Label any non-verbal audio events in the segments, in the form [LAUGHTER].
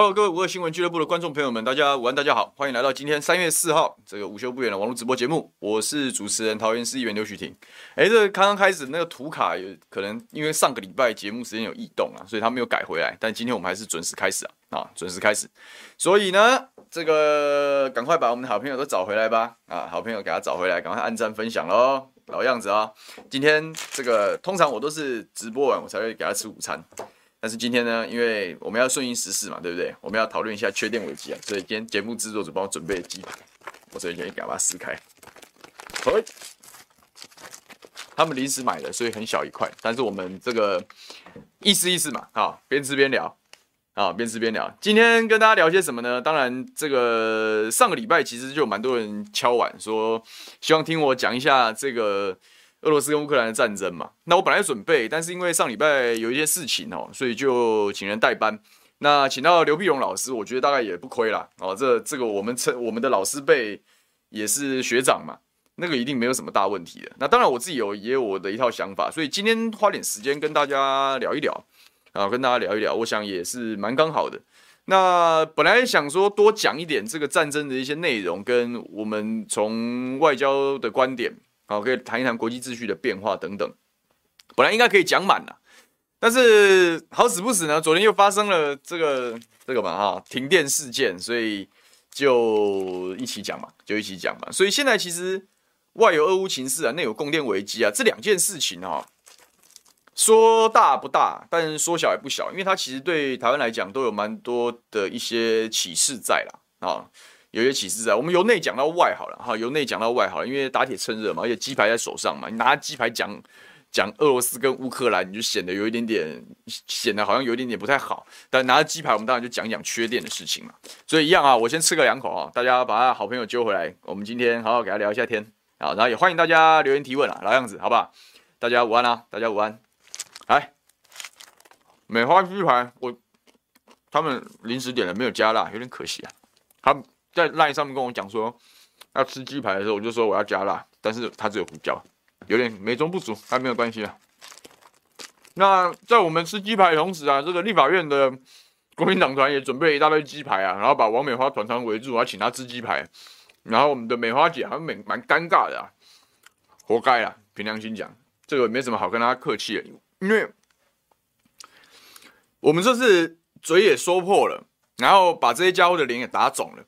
Hello，各位五二新聞聚樂部的觀眾朋友們，大家午安，大家好，歡迎來到今天三月四號這個午休不遠的網絡直播節目，我是主持人桃園市議員牛煦庭。誒、欸，這剛、個、剛開始那個圖卡有可能因為上個禮拜節目時間有異動啊，所以他沒有改回來，但今天我們還是準時開始啊，啊，準時開始，所以呢，這個趕快把我們的好朋友都找回來吧，啊，好朋友給他找回來，趕快按讚分享嘍，老樣子啊、哦，今天這個通常我都是直播完我才會給他吃午餐。但是今天呢，因為我們要順應時事嘛，對不對？我們要討論一下缺電危機啊，所以今天節目制作者幫我準備了雞排，我所以趕緊把它撕開。 [NOISE] 他們臨時買的，所以很小一塊，但是我們這個意思意思嘛，啊，邊吃邊聊，啊，邊吃邊聊。今天跟大家聊些什麼呢？當然，這個上個禮拜其實就蠻多人敲碗說，希望聽我講一下這個。俄羅斯跟烏克蘭的戰爭嘛，那我本來準備，但是因為上禮拜有一些事情哦，所以就請人代班。那請到劉碧榮老師，我覺得大概也不虧啦哦。這這個我們稱我們的老師輩也是學長嘛，那個一定沒有什麼大問題的。那當然我自己有也有我的一套想法，所以今天花點時間跟大家聊一聊啊，跟大家聊一聊，我想也是蠻剛好的。那本來想說多講一點這個戰爭的一些內容，跟我們從外交的觀點。好，可以談一談國際秩序的變化等等。本來應該可以講滿了，但是好死不死呢，昨天又發生了這個這個嘛哈停電事件，所以就一起講嘛，就一起講嘛。所以現在其實外有俄烏情勢啊，內有供電危機啊，這兩件事情哈，啊，說大不大，但說小也不小，因為它其實對台灣來講都有蠻多的一些啟示在了啊。有些啟示啊，我們由內講到外好了哈，由內講到外好了，因為打鐵趁熱嘛，而且雞排在手上嘛，你拿雞排講講俄羅斯跟烏克蘭，你就顯得有一點點，顯得好像有一點點不太好。但拿着雞排，我們當然就講講缺電的事情嘛。所以一樣啊，我先吃個兩口啊，大家把他好朋友揪回來，我們今天好好，好給他聊一下天啊，然後也歡迎大家留言提問啊，老樣子，好不好？大家午安啦，啊，大家午安。來，美花雞排，我他們臨時點了沒有加辣，有點可惜啊，他。在 LINE 上面跟我講說要吃雞排的時候，我就說我要加辣，但是他只有胡椒，有點美中不足。但沒有關係啊。那在我們吃雞排的同時啊，這個立法院的國民黨團也準備了一大堆雞排啊，然後把王美花團團圍住，要請她吃雞排。然後我們的美花姐還蠻蠻尷尬的啊，活該啦！憑良心講，這個沒什麼好跟她客氣的，因為我們這次嘴也說破了，然後把這些家伙的臉也打腫了。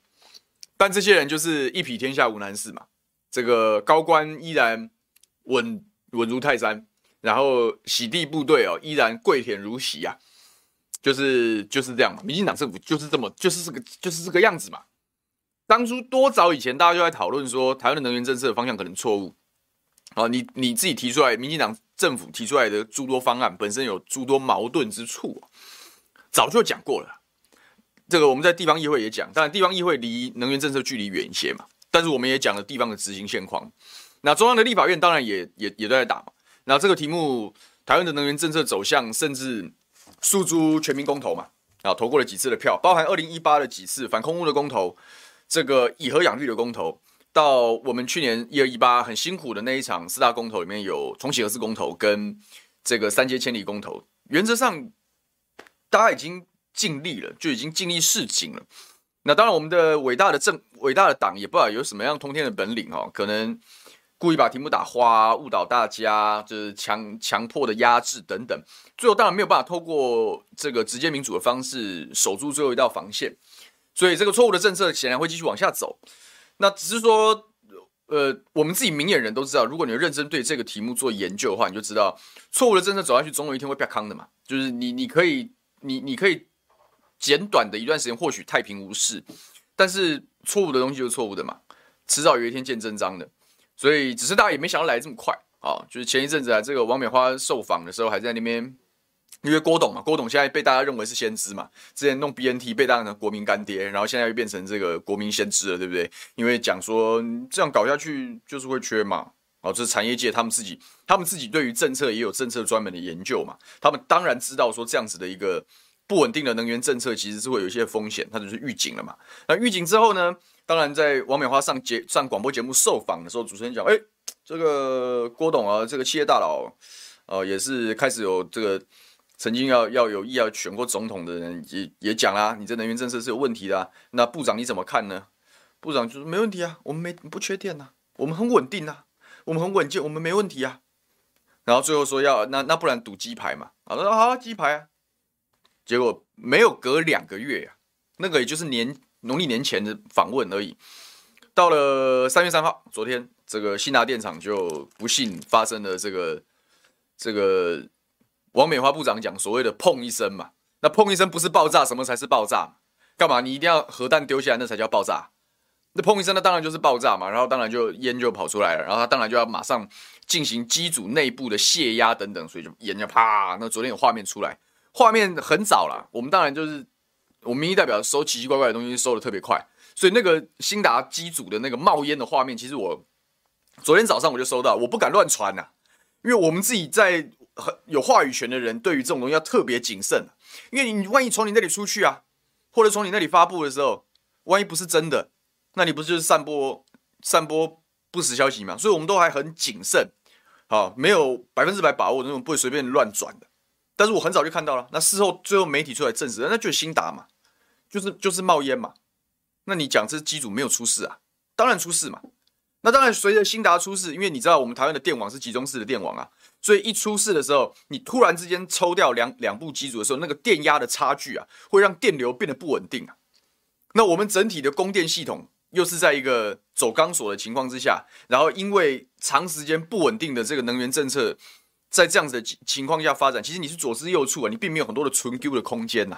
但這些人就是一匹天下無難事嘛，這個高官依然穩穩如泰山，然後洗地部隊哦，依然跪舔如昔啊，就是就是這樣嘛。民進黨政府就是這麼，就是這個，就是這個樣子嘛。當初多早以前，大家就在討論說台灣的能源政策的方向可能錯誤啊。你你自己提出來，民進黨政府提出來的諸多方案本身有諸多矛盾之處啊，早就講過了。這個我們在地方議會也講，當然地方議會離能源政策距離遠一些嘛，但是我們也講了地方的執行現況。那中央的立法院當然也也也都在打嘛。那這個題目，台灣的能源政策走向，甚至訴諸全民公投嘛，然後投過了幾次的票，包含二零一八的幾次反空污的公投，這個以核養綠的公投，到我們去年一二一八很辛苦的那一場四大公投裡面有重啟核四公投跟這個三接遷離公投，原則上大家已經。盡力了，就已經盡力示警了。那當然，我們的偉大的政、偉大的黨也不知道有什麼樣通天的本領哦。可能故意把題目打花，誤導大家，就是強強迫的壓制等等。最後當然沒有辦法透過這個直接民主的方式守住最後一道防線，所以這個錯誤的政策顯然會繼續往下走。那只是說，呃，我們自己明眼人都知道，如果你認真對這個題目做研究的話，你就知道錯誤的政策走下去，總有一天會被坑的嘛。就是你，你可以，你，你可以。簡短的一段時間，或許太平無事，但是錯誤的東西就是錯誤的嘛，遲早有一天見真章的。所以只是大家也沒想到來這麼快啊！就是前一陣子啊，這個王美花受訪的時候還在那邊，因為郭董嘛，郭董現在被大家認為是先知嘛，之前弄 BNT 被當成國民乾爹，然後現在又變成這個國民先知了，對不對？因為講說這樣搞下去就是會缺嘛，哦，就是產業界他們自己，他們自己對於政策也有政策專門的研究嘛，他們當然知道說這樣子的一個。不穩定的能源政策其實是會有一些風險，它就是預警了嘛。那預警之後呢？當然，在王美花上節上廣播節目受訪的時候，主持人講：“哎、欸，這個郭董啊，這個企業大佬，哦、呃，也是開始有這個曾經要要有意要選過總統的人也，也也講啦，你這能源政策是有問題的、啊。”那部長你怎麼看呢？部長就是沒問題啊，我們沒不缺電啊，我們很穩定啊，我們很穩健，我們沒問題啊。然後最後說要那那不然賭雞排嘛？好啊，好雞排啊。結果沒有隔兩個月，啊，那個也就是年農曆年前的訪問而已。到了三月三號，昨天這個興達電廠就不幸發生了這個這個王美花部長講所謂的“碰一聲”嘛。那“碰一聲”不是爆炸，什麼才是爆炸？幹嘛你一定要核彈丟下來那才叫爆炸？那“碰一聲”那當然就是爆炸嘛。然後當然就煙就跑出來了，然後他當然就要馬上進行機組內部的洩壓等等，所以就煙就啪。那昨天有畫面出來。畫面很早了，我們當然就是，我們民意代表收奇奇怪怪的東西收的特別快，所以那個興達機組的那個冒煙的畫面，其實我昨天早上我就收到，我不敢亂傳吶，因為我們自己在很有話語權的人，對於這種東西要特別謹慎，因為你萬一從你那裡出去啊，或者從你那裡發布的時候，萬一不是真的，那你不是就是散播散播不實消息嘛？所以我們都還很謹慎，好，沒有百分之百把握那種，我們不會隨便亂轉的。但是我很早就看到了，那事後最後媒體出來證實，那就是興達嘛，就是就是冒煙嘛。那你講這機組沒有出事啊？當然出事嘛。那當然隨着興達出事，因為你知道我們台灣的電網是集中式的電網啊，所以一出事的時候，你突然之間抽掉兩兩部機組的時候，那個電壓的差距啊，會讓電流變得不穩定啊。那我們整體的供電系統又是在一個走鋼索的情況之下，然後因為長時間不穩定的這個能源政策。在這樣子的情況下發展，其實你是左支右絀啊，你並沒有很多的存 Q 的空間吶。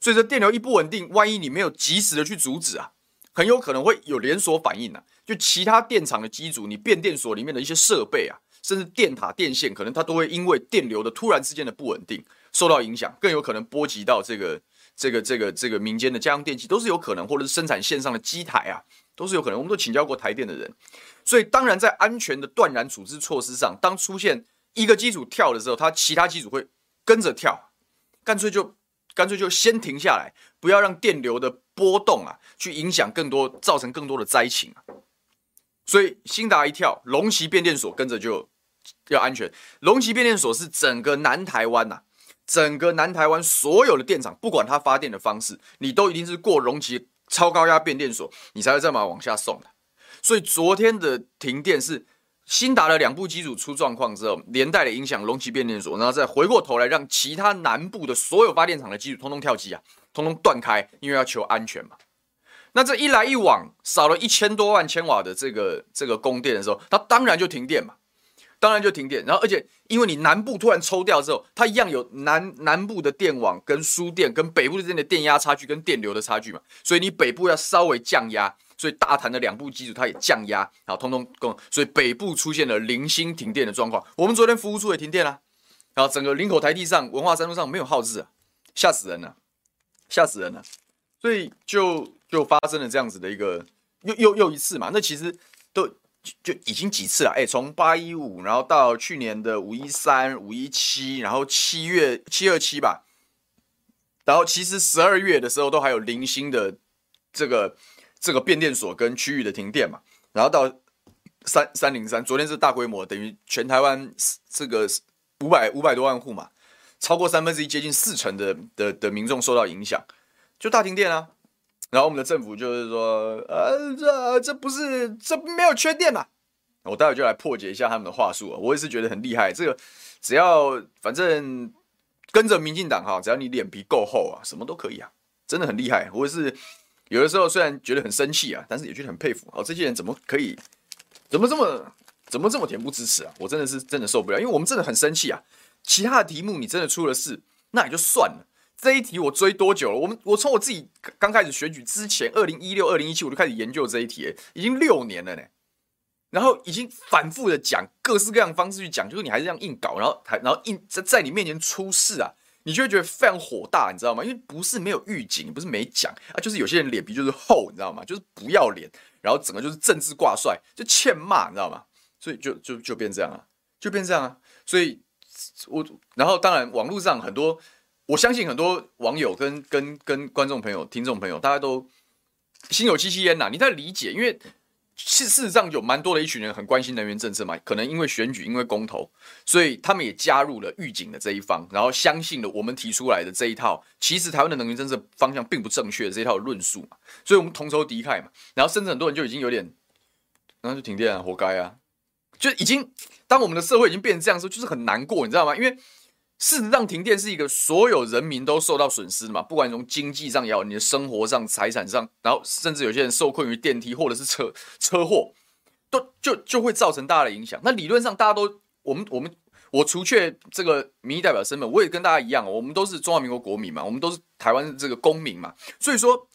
所以這電流一不穩定，萬一你沒有及時的去阻止啊，很有可能會有連鎖反應吶、啊。就其他電廠的機組、你變電所裡面的一些設備啊，甚至電塔、電線，可能它都會因為電流的突然之間的不穩定受到影響，更有可能波及到這個、這個、這個、這個民間的家用電器，都是有可能，或者是生產線上的機台啊，都是有可能。我們都請教過台電的人，所以當然在安全的斷然處置措施上，當出現一個機組跳的時候，它其他機組會跟着跳，乾脆就乾脆就先停下來，不要讓電流的波動啊，去影響更多，造成更多的災情、啊、所以興達一跳，龍崎變電所跟着就要安全。龍崎變電所是整個南台灣吶、啊，整個南台灣所有的電廠，不管它發電的方式，你都一定是過龍崎超高壓變電所，你才會這麼往下送的。所以昨天的停電是。興達的兩部機組出狀況之後，連帶的影響龍崎變電所，然後再回過頭來讓其他南部的所有發電廠的機組通通跳機啊，通通斷開，因為要求安全嘛。那這一來一往，少了一千多萬千瓦的這個這個供電的時候，它當然就停電嘛，當然就停電。然後而且因為你南部突然抽掉之後，它一樣有南南部的電網跟輸電跟北部之間的電壓差距跟電流的差距嘛，所以你北部要稍微降壓。所以大潭的兩部機組它也降壓，好通通共，所以北部出現了零星停電的狀況。我們昨天服務處也停電了、啊，然後整個林口台地上、文化山路上沒有號誌，啊，嚇死人了，嚇死人了。所以就就發生了這樣子的一個又又又一次嘛，那其實都就，就已經幾次了。哎、欸，從八一五，然後到去年的五一三、五一七，然後七月七二七吧，然後其實十二月的時候都還有零星的這個。這個變電所跟區域的停電嘛，然後到三三零三，昨天是大規模，等於全台灣這個五百五百多萬戶嘛，超過三分之一，接近四成的的的民眾受到影響，就大停電啊！然後我們的政府就是說，呃，這這不是這沒有缺電嘛啊？我待會就來破解一下他們的話術啊！我也是覺得很厲害，這個只要反正跟着民進黨哈啊，只要你臉皮夠厚啊，什麼都可以啊，真的很厲害，我也是。有的時候雖然覺得很生氣啊，但是也覺得很佩服啊、哦，這些人怎麼可以，怎麼這麼，怎麼這麼恬不知恥啊？我真的是真的受不了，因為我們真的很生氣啊。其他的題目你真的出了事，那也就算了。這一題我追多久了？我們我從我自己剛開始選舉之前，二零一六、二零一七我就開始研究這一題、欸，已經六年了呢、欸。然後已經反覆的講，各式各樣的方式去講，就是你還是這樣硬搞，然後還然後硬在在你面前出事啊。你就會覺得非常火大，你知道嗎？因為不是沒有預警，不是沒講啊，就是有些人臉皮就是厚，你知道嗎？就是不要臉，然後整個就是政治掛帥，就欠罵，你知道嗎？所以就就就變這樣了，就變這樣了，啊啊。所以，我然後當然網絡上很多，我相信很多網友跟跟跟觀眾朋友，聽眾朋友，大家都心有戚戚焉吶。你在理解，因為。事事實上有蠻多的一群人很關心能源政策嘛，可能因為選舉，因為公投，所以他們也加入了預警的這一方，然後相信了我們提出來的這一套，其實台灣的能源政策方向並不正確的這一套論述，所以我們同仇敵愾嘛，然後甚至很多人就已經有點，然後就停電了，活該啊，就已經當我們的社會已經變成這樣的時候，就是很難過，你知道嗎？因為。事實上，停電是一個所有人民都受到損失的嘛，不管你從經濟上也好，你的生活上、財產上，然後甚至有些人受困於電梯或者是車車禍，都就就會造成大家的影響。那理論上，大家都我們我們我除卻這個民意代表身份，我也跟大家一樣，我們都是中華民國國民嘛，我們都是台灣這個公民嘛，所以說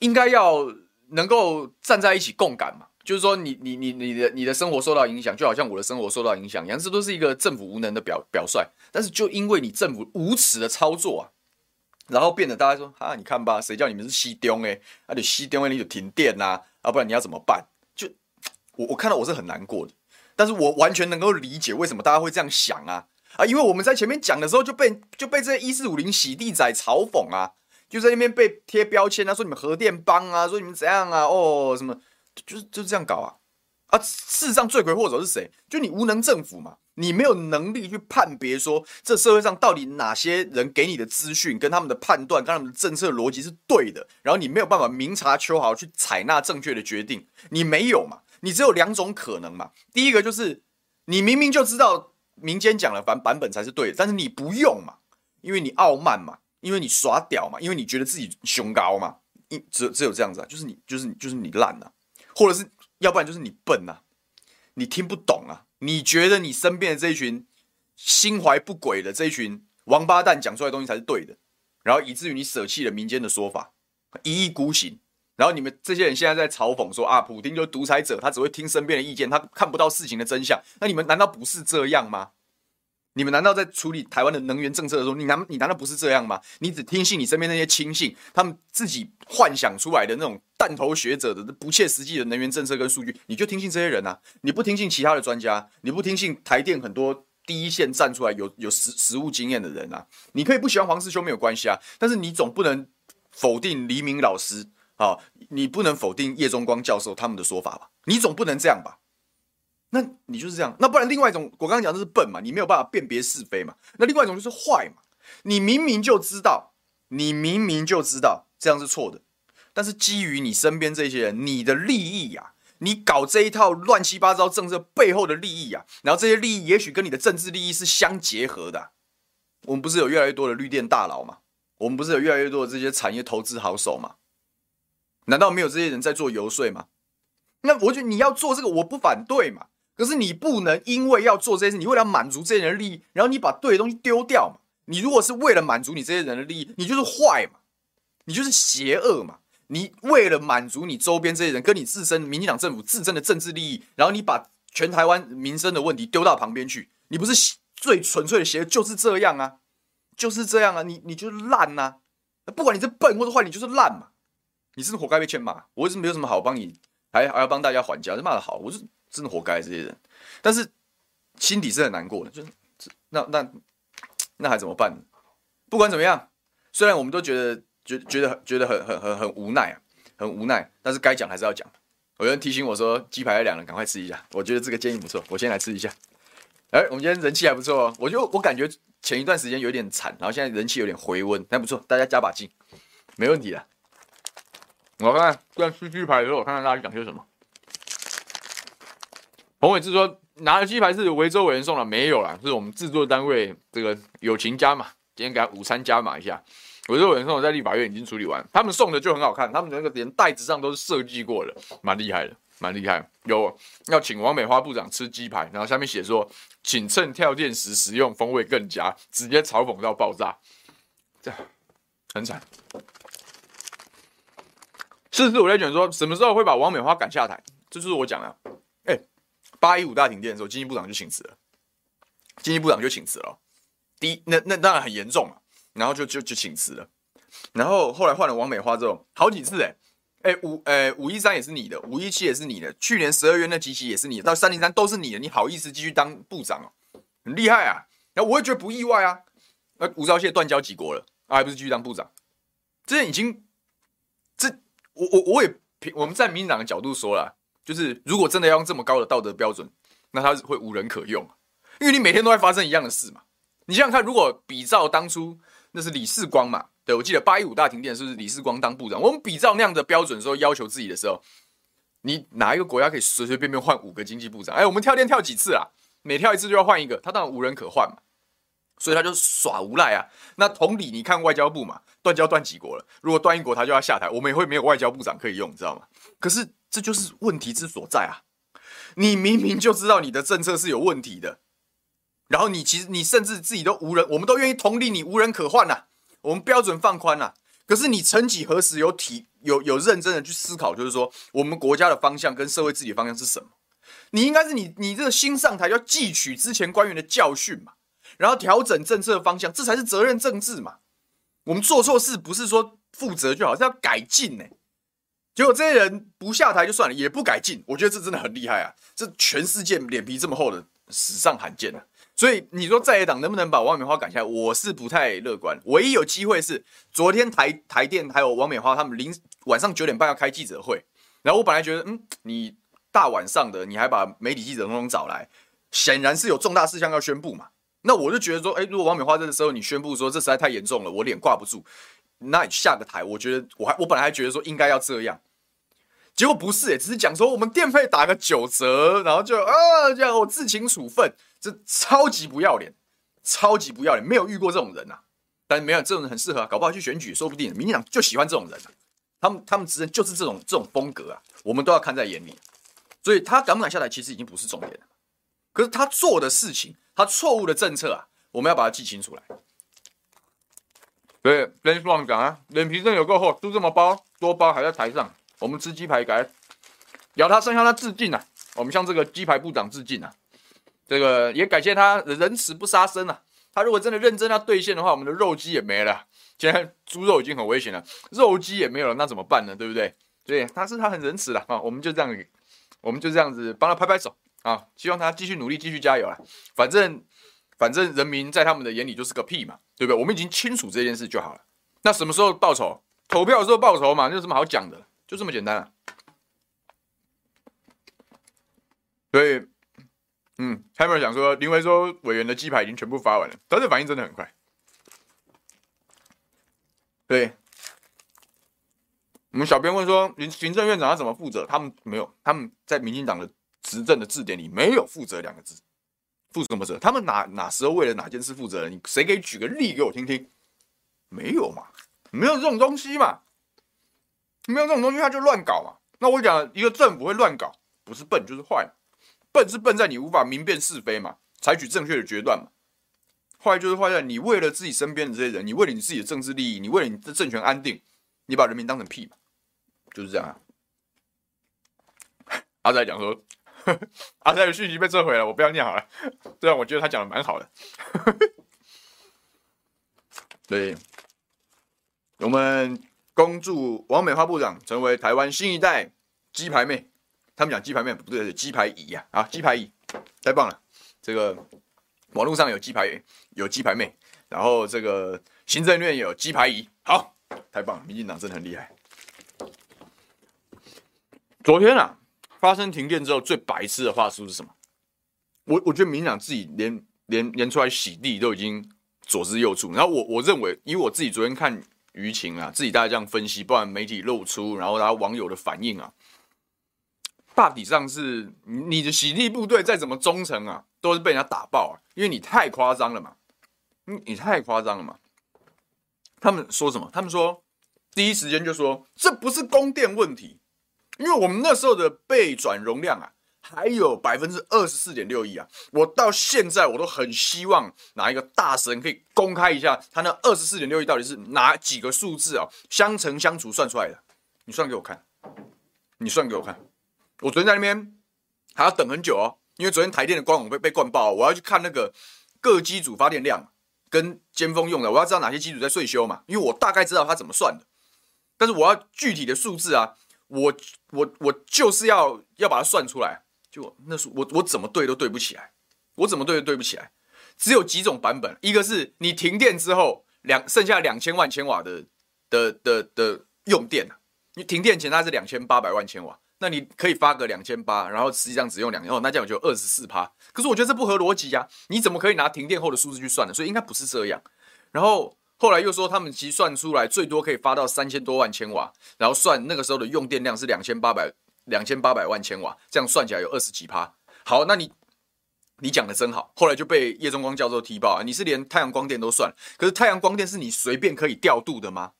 應該要能夠站在一起共感嘛。就是說你，你你你你的你的生活受到影響，就好像我的生活受到影響一樣，這都是一個政府無能的表表率。但是，就因為你政府無恥的操作啊，然後變得大家說哈、啊，你看吧，誰叫你們是西中哎，啊，你西中哎，你就停電啦、啊，啊，不然你要怎麼辦？就我我看到我是很難過的，但是我完全能夠理解為什麼大家會這樣想啊啊，因為我們在前面講的時候就被就被這些一四五零洗地仔嘲諷啊，就在那邊被貼標籤啊，說你們核電幫啊，說你們怎樣啊，哦什麼。就是就是這樣搞啊啊！事實上，罪魁禍首是誰？就你無能政府嘛！你沒有能力去判別說這社會上到底哪些人給你的資訊跟他們的判斷跟他們的政策邏輯是對的，然後你沒有辦法明察秋毫去採納正確的決定，你沒有嘛？你只有兩種可能嘛：第一個就是你明明就知道民間講的反版本才是對的，但是你不用嘛，因為你傲慢嘛，因為你耍屌嘛，因為你覺得自己胸高嘛，一只只有這樣子啊！就是你，就是你，就是你爛了啊。或者是，要不然就是你笨吶、啊，你聽不懂啊？你覺得你身邊的這一群心懷不軌的這一群王八蛋講出來的東西才是對的，然後以至於你捨棄了民間的說法，一意孤行。然後你們這些人現在在嘲諷說啊，普丁就是獨裁者，他只會聽身邊的意見，他看不到事情的真相。那你們難道不是這樣嗎？你們難道在處理台灣的能源政策的時候，你難你難道不是這樣嗎？你只聽信你身邊那些親信，他們自己幻想出來的那種蛋頭學者的不切實際的能源政策跟數據，你就聽信這些人啊？你不聽信其他的專家，你不聽信台電很多第一線站出來有有實實務經驗的人啊？你可以不喜歡黃士修沒有關係啊，但是你總不能否定黎明老師啊、哦，你不能否定葉宗光教授他們的說法吧？你總不能這樣吧？那你就是這樣，那不然另外一種，我剛剛講的是笨嘛，你沒有辦法辨別是非嘛。那另外一種就是壞嘛，你明明就知道，你明明就知道這樣是錯的，但是基於你身邊這些人，你的利益呀、啊，你搞這一套亂七八糟政策背後的利益呀、啊，然後這些利益也許跟你的政治利益是相結合的、啊。我們不是有越來越多的綠電大佬嘛，我們不是有越來越多的這些產業投資好手嗎？難道沒有這些人在做遊說嗎？那我覺得你要做這個，我不反對嘛。可是你不能因為要做這些事，你為了滿足這些人的利益，然後你把對的東西丟掉嘛？你如果是為了滿足你這些人的利益，你就是壞嘛，你就是邪惡嘛。你為了滿足你周邊這些人跟你自身民進黨政府自身的政治利益，然後你把全台灣民生的問題丟到旁邊去，你不是最純粹的邪惡就是這樣啊，就是這樣啊。你你就是爛吶、啊，不管你是笨或者壞，你就是爛嘛，你是不是活該被欠罵。我是沒有什麼好幫你，還還要幫大家還價，罵得好，我是。真的活該這些人，但是心底是很難過的，就那那那還怎麼辦呢？不管怎麼樣，雖然我們都覺得覺覺得覺得很很很很無奈啊，很無奈，但是該講還是要講。有人提醒我說雞排要涼了趕快吃一下，我覺得這個建議不錯，我先來吃一下。哎，我們今天人氣還不錯哦，我就我感覺前一段時間有點慘，然後現在人氣有點回溫，還不錯，大家加把勁，沒問題的。我看在吃雞排的時候，我看看大家講些什麼。洪偉是說：“拿的雞排是維州委員送的，沒有了，是我們制作單位這個友情加嘛。今天給他午餐加碼一下，維州委員送我在立法院已經處理完。他們送的就很好看，他們那個連袋子上都是設計過的，蠻厲害的，蠻厲害。有要請王美花部長吃雞排，然後下面寫說，請趁跳電時食用，風味更佳，直接嘲諷到爆炸，這樣很慘。事實我在講說什麼時候會把王美花趕下台？這就是我講的、啊，欸八一五大停電的時候，經濟部長就請辭了。經濟部長就請辭了、喔，第一，那那當然很嚴重啊。然後就就就請辭了。然後後來換了王美花之後，好幾次誒、欸、誒、欸、五誒五一三也是你的，五一七也是你的，去年十二月那幾期也是你的，到三零三都是你的，你好意思繼續當部長哦、喔？很厲害啊！那我也覺得不意外啊。那吳釗燮斷交幾國了、啊，還不是繼續當部長？這已經這我我我也平，我們在民進黨的角度說了。就是，如果真的要用這麼高的道德標準，那他是會無人可用啊，因為你每天都會發生一樣的事嘛。你想想看，如果比照當初，那是李世光嘛？對，我記得八一五大停電是不是李世光當部長？我們比照那樣的標準的時候要求自己的時候，你哪一個國家可以隨隨便便換五個經濟部長？哎，我們跳電跳幾次啊？每跳一次就要換一個，他當然無人可換嘛。所以他就耍無賴啊！那同理，你看外交部嘛，斷交斷幾國了？如果斷一國，他就要下台，我們也會沒有外交部長可以用，你知道嗎？可是這就是問題之所在啊！你明明就知道你的政策是有問題的，然後你其實你甚至自己都無人，我們都願意同理你無人可換吶。我們標準放寬了，可是你曾幾何時有體有有認真的去思考，就是說我們國家的方向跟社會治理方向是什麼？你應該是你你這個新上台要汲取之前官員的教訓嘛。然後調整政策方向，這才是責任政治嘛。我們做錯事不是說負責就好，是要改進呢。結果這些人不下台就算了，也不改進，我覺得這真的很厲害啊！這全世界臉皮這麼厚的，史上罕見了啊。所以你說在野黨能不能把王美花趕下來，我是不太樂觀。唯一有機會是昨天台台電還有王美花他們臨晚上九點半要開記者會，然後我本來覺得，嗯，你大晚上的你還把媒體記者通通找來，顯然是有重大事項要宣布嘛。那我就覺得說，哎、欸，如果王美花這個時候你宣布說，這實在太嚴重了，我臉掛不住，那你下個台。我覺得我還我本來還覺得說，應該要這樣，結果不是、欸、只是講說，我們電費打個九折，然後就啊這樣我自請處分。這超級不要臉，超級不要臉，沒有遇過這種人吶、啊。但是沒有，這種人很適合、啊，搞不好去選舉，說不定民進黨就喜歡這種人啊。他們他們執政就是這種這種風格啊，我們都要看在眼裡。所以他敢不敢下台，其實已經不是重點了。可是他做的事情，他錯誤的政策啊，我們要把它記清楚來。對，別亂講啊！臉皮真有夠厚，都這麼包多包，還在台上。我們吃雞排，給他咬他，向他致敬啊！我們向這個雞排部長致敬啊！這個也感謝他仁慈不殺生啊！他如果真的認真要兌現的話，我們的肉雞也沒了。現在豬肉已經很危險了，肉雞也沒有了，那怎麼辦呢？對不對？對，他是他很仁慈了啊！我們就這樣，我們就這樣子幫他拍拍手。啊、哦，希望他繼續努力，繼續加油啊。反正，反正人民在他們的眼裡就是個屁嘛，對不對？我們已經清楚這件事就好了。那什麼時候報仇？投票的時候報仇嘛，那有什麼好講的？就這麼簡單了、啊。對，嗯他們想說，林為洲委員的雞排已經全部發完了，但是反應真的很快。對，我們小編問說，林行政院長要怎麼負責？他們沒有，他們在民進黨的。執政的字典裡沒有“負責”兩個字，負什麼責？他們哪哪時候為了哪件事負責？你誰給你舉個例給我聽聽？沒有嘛，沒有這種東西嘛，沒有這種東西，他就亂搞嘛。那我講一個政府會亂搞，不是笨就是壞。笨是笨在你無法明辨是非嘛，採取正確的決斷嘛。壞就是壞在你為了自己身邊的這些人，你為了你自己的政治利益，你為了你的政權安定，你把人民當成屁嘛，就是這樣。啊。阿仔講說。 [LAUGHS] 啊！再有訊息被撤回了，我不要念好了。對啊，我覺得他講的蠻好的。 [LAUGHS] 對，我們恭祝王美花部長成為台灣新一代雞排妹。他們講雞排妹不對，是雞排姨呀！啊，雞排姨，太棒了！這個網絡上有雞排有雞排妹，然後這個行政院有雞排姨，好，太棒了！民進黨真的很厲害。昨天啊。發生停電之後，最白痴的話術是什麼？我我覺得民進黨自己連連連出來洗地都已經左支右絀，然後我我認為以我自己昨天看輿情啊，自己大家這樣分析，不然媒體露出，然後大家網友的反應啊，大體上是你的洗地部隊再怎麼忠誠啊，都是被人家打爆啊，因為你太誇張了嘛，你你太誇張了嘛，他們說什麼？他們說第一時間就說這不是供電問題。因為我們那時候的備轉容量啊，還有百分之二十四點六億啊，我到現在我都很希望哪一個大神可以公開一下，他那二十四點六億到底是哪幾個數字啊，相乘相除算出來的？你算給我看，你算給我看。我昨天在那邊還要等很久哦，因為昨天台電的官網被被灌爆，我要去看那個各機組發電量跟尖峰用的，我要知道哪些機組在歲修嘛，因為我大概知道他怎麼算的，但是我要具體的數字啊。我我我就是要要把它算出來，就那是我我怎麼對都對不起來，我怎麼對都對不起來，只有幾種版本，一個是你停電之後兩剩下兩千萬千瓦的的的的的用電啊，你停電前它是兩千八百萬千瓦，那你可以發個兩千八，然後實際上只用兩，哦，那這樣就二十四趴，可是我覺得這不合邏輯呀，你怎麼可以拿停電後的數字去算呢？所以應該不是這樣，然後。後來又說，他們計算出來最多可以發到三千多萬千瓦，然後算那個時候的用電量是兩千八百兩千八百萬千瓦，這樣算起來有二十幾趴。好，那你你講得真好。後來就被葉宗洸教授踢爆啊，你是連太陽光電都算，可是太陽光電是你隨便可以調度的嗎？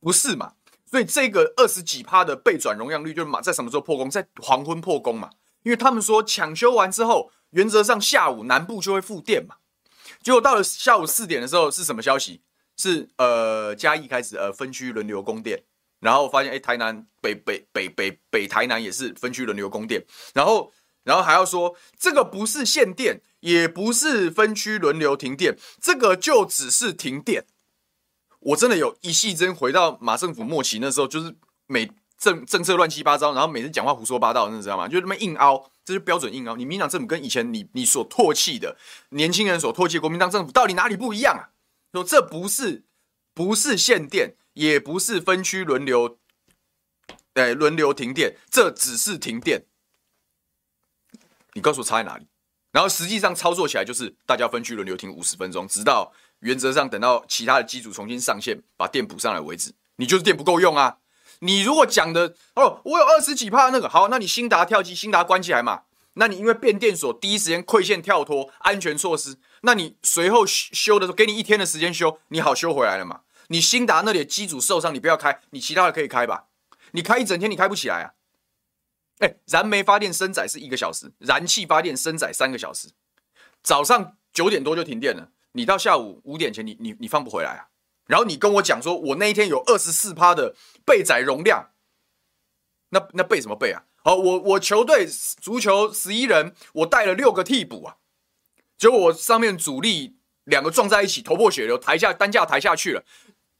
不是嘛？所以這個二十幾趴的備轉容量率，就是嘛在什麼時候破功？在黃昏破功嘛，因為他們說搶修完之後，原則上下午南部就會復電嘛。結果到了下午四點的時候，是什麼消息？是呃，嘉義開始呃，分區輪流供電，然後我發現哎、欸，台南北北北北北台南也是分區輪流供電，然後然後還要說這個不是限電，也不是分區輪流停電，這個就只是停電。我真的有一細真回到馬政府末期那時候，就是每政政策亂七八糟，然後每次講話胡說八道，你知道嗎？就那麼硬凹，這是標準硬凹。你民進黨政府跟以前你你所唾棄的年輕人所唾棄國民黨政府到底哪裡不一樣啊？說這不是，不是限電，也不是分區輪流，哎、欸，輪流停電，這只是停電。你告訴我差在哪裡？然後實際上操作起來就是大家分區輪流停五十分鐘，直到原則上等到其他的機組重新上線，把電補上來為止。你就是電不夠用啊！你如果講的哦，我有二十幾趴那個好，那你興達跳機，興達關起來嘛？那你因為變電所第一時間饋線跳脫，安全措施。那你隨後修修的時候，給你一天的時間修，你好修回來了嗎？你興達那裡的機組受傷，你不要開，你其他的可以開吧？你開一整天，你開不起來啊？哎、欸，燃煤發電升載是一個小時，燃氣發電升載三個小時，早上九點多就停電了，你到下午五點前你，你你你放不回來啊？然後你跟我講說，我那一天有二十四趴的備載容量，那那備什麼備啊？好，我我球隊足球十一人，我帶了六個替補啊。結果我上面主力兩個撞在一起，頭破血流，抬下擔架抬下去了。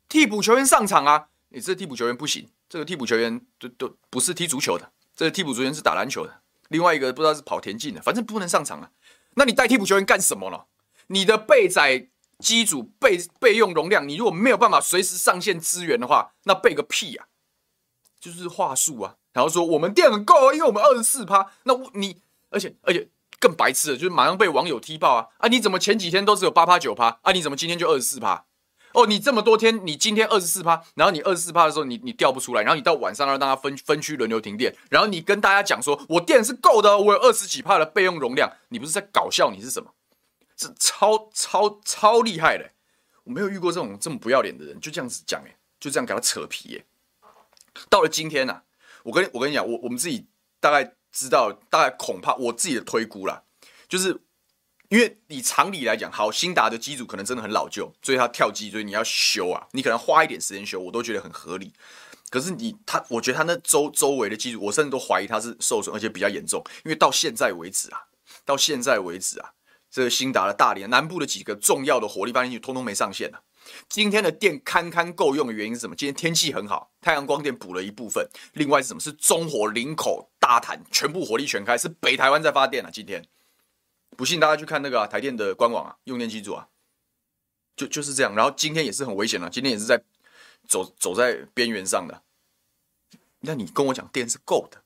替補球員上場啊？你、欸、這個、替補球員不行，這個替補球員都都不是踢足球的，這個替補球員是打籃球的。另外一個不知道是跑田徑的，反正不能上場啊。那你帶替補球員幹什麼了？你的備載機組備備用容量，你如果沒有辦法隨時上線支援的話，那備個屁啊！就是話術啊，然後說我們電很夠啊，因為我們二十四趴。那我你，而且而且。更白痴的就是馬上被網友踢爆啊啊！你怎麼前幾天都只有八趴九趴啊？你怎麼今天就二十四趴？哦，你這麼多天，你今天二十四趴，然後你二十四趴的時候你，你你調不出來，然後你到晚上讓大家分分區輪流停電，然後你跟大家講說，我電是夠的，我有二十幾趴的備用容量，你不是在搞笑，你是什麼？是超超超厲害的、欸！我沒有遇過這種這麼不要臉的人，就這樣子講、欸、就這樣給他扯皮、欸、到了今天呢、啊，我跟你我跟你講，我我們自己大概。知道大概恐怕我自己的推估啦，就是因為以常理來講，好興達的機組可能真的很老舊，所以他跳機，所以你要修啊，你可能花一點時間修，我都覺得很合理。可是你他，我覺得他那周周圍的機組，我甚至都懷疑他是受損，而且比較嚴重，因為到現在為止啊，到現在為止啊，這個興達的大林南部的幾個重要的火力發電廠，通通沒上線了。今天的電堪堪夠用的原因是什麼？今天天氣很好，太陽光電補了一部分。另外是什麼？是中火、林口、大潭全部火力全開，是北台灣在發電啊，今天。不信大家去看那個、啊、台電的官網啊，用電機組啊，就就是這樣。然後今天也是很危險啊，今天也是在走走在邊緣上的。那你跟我講電是夠的。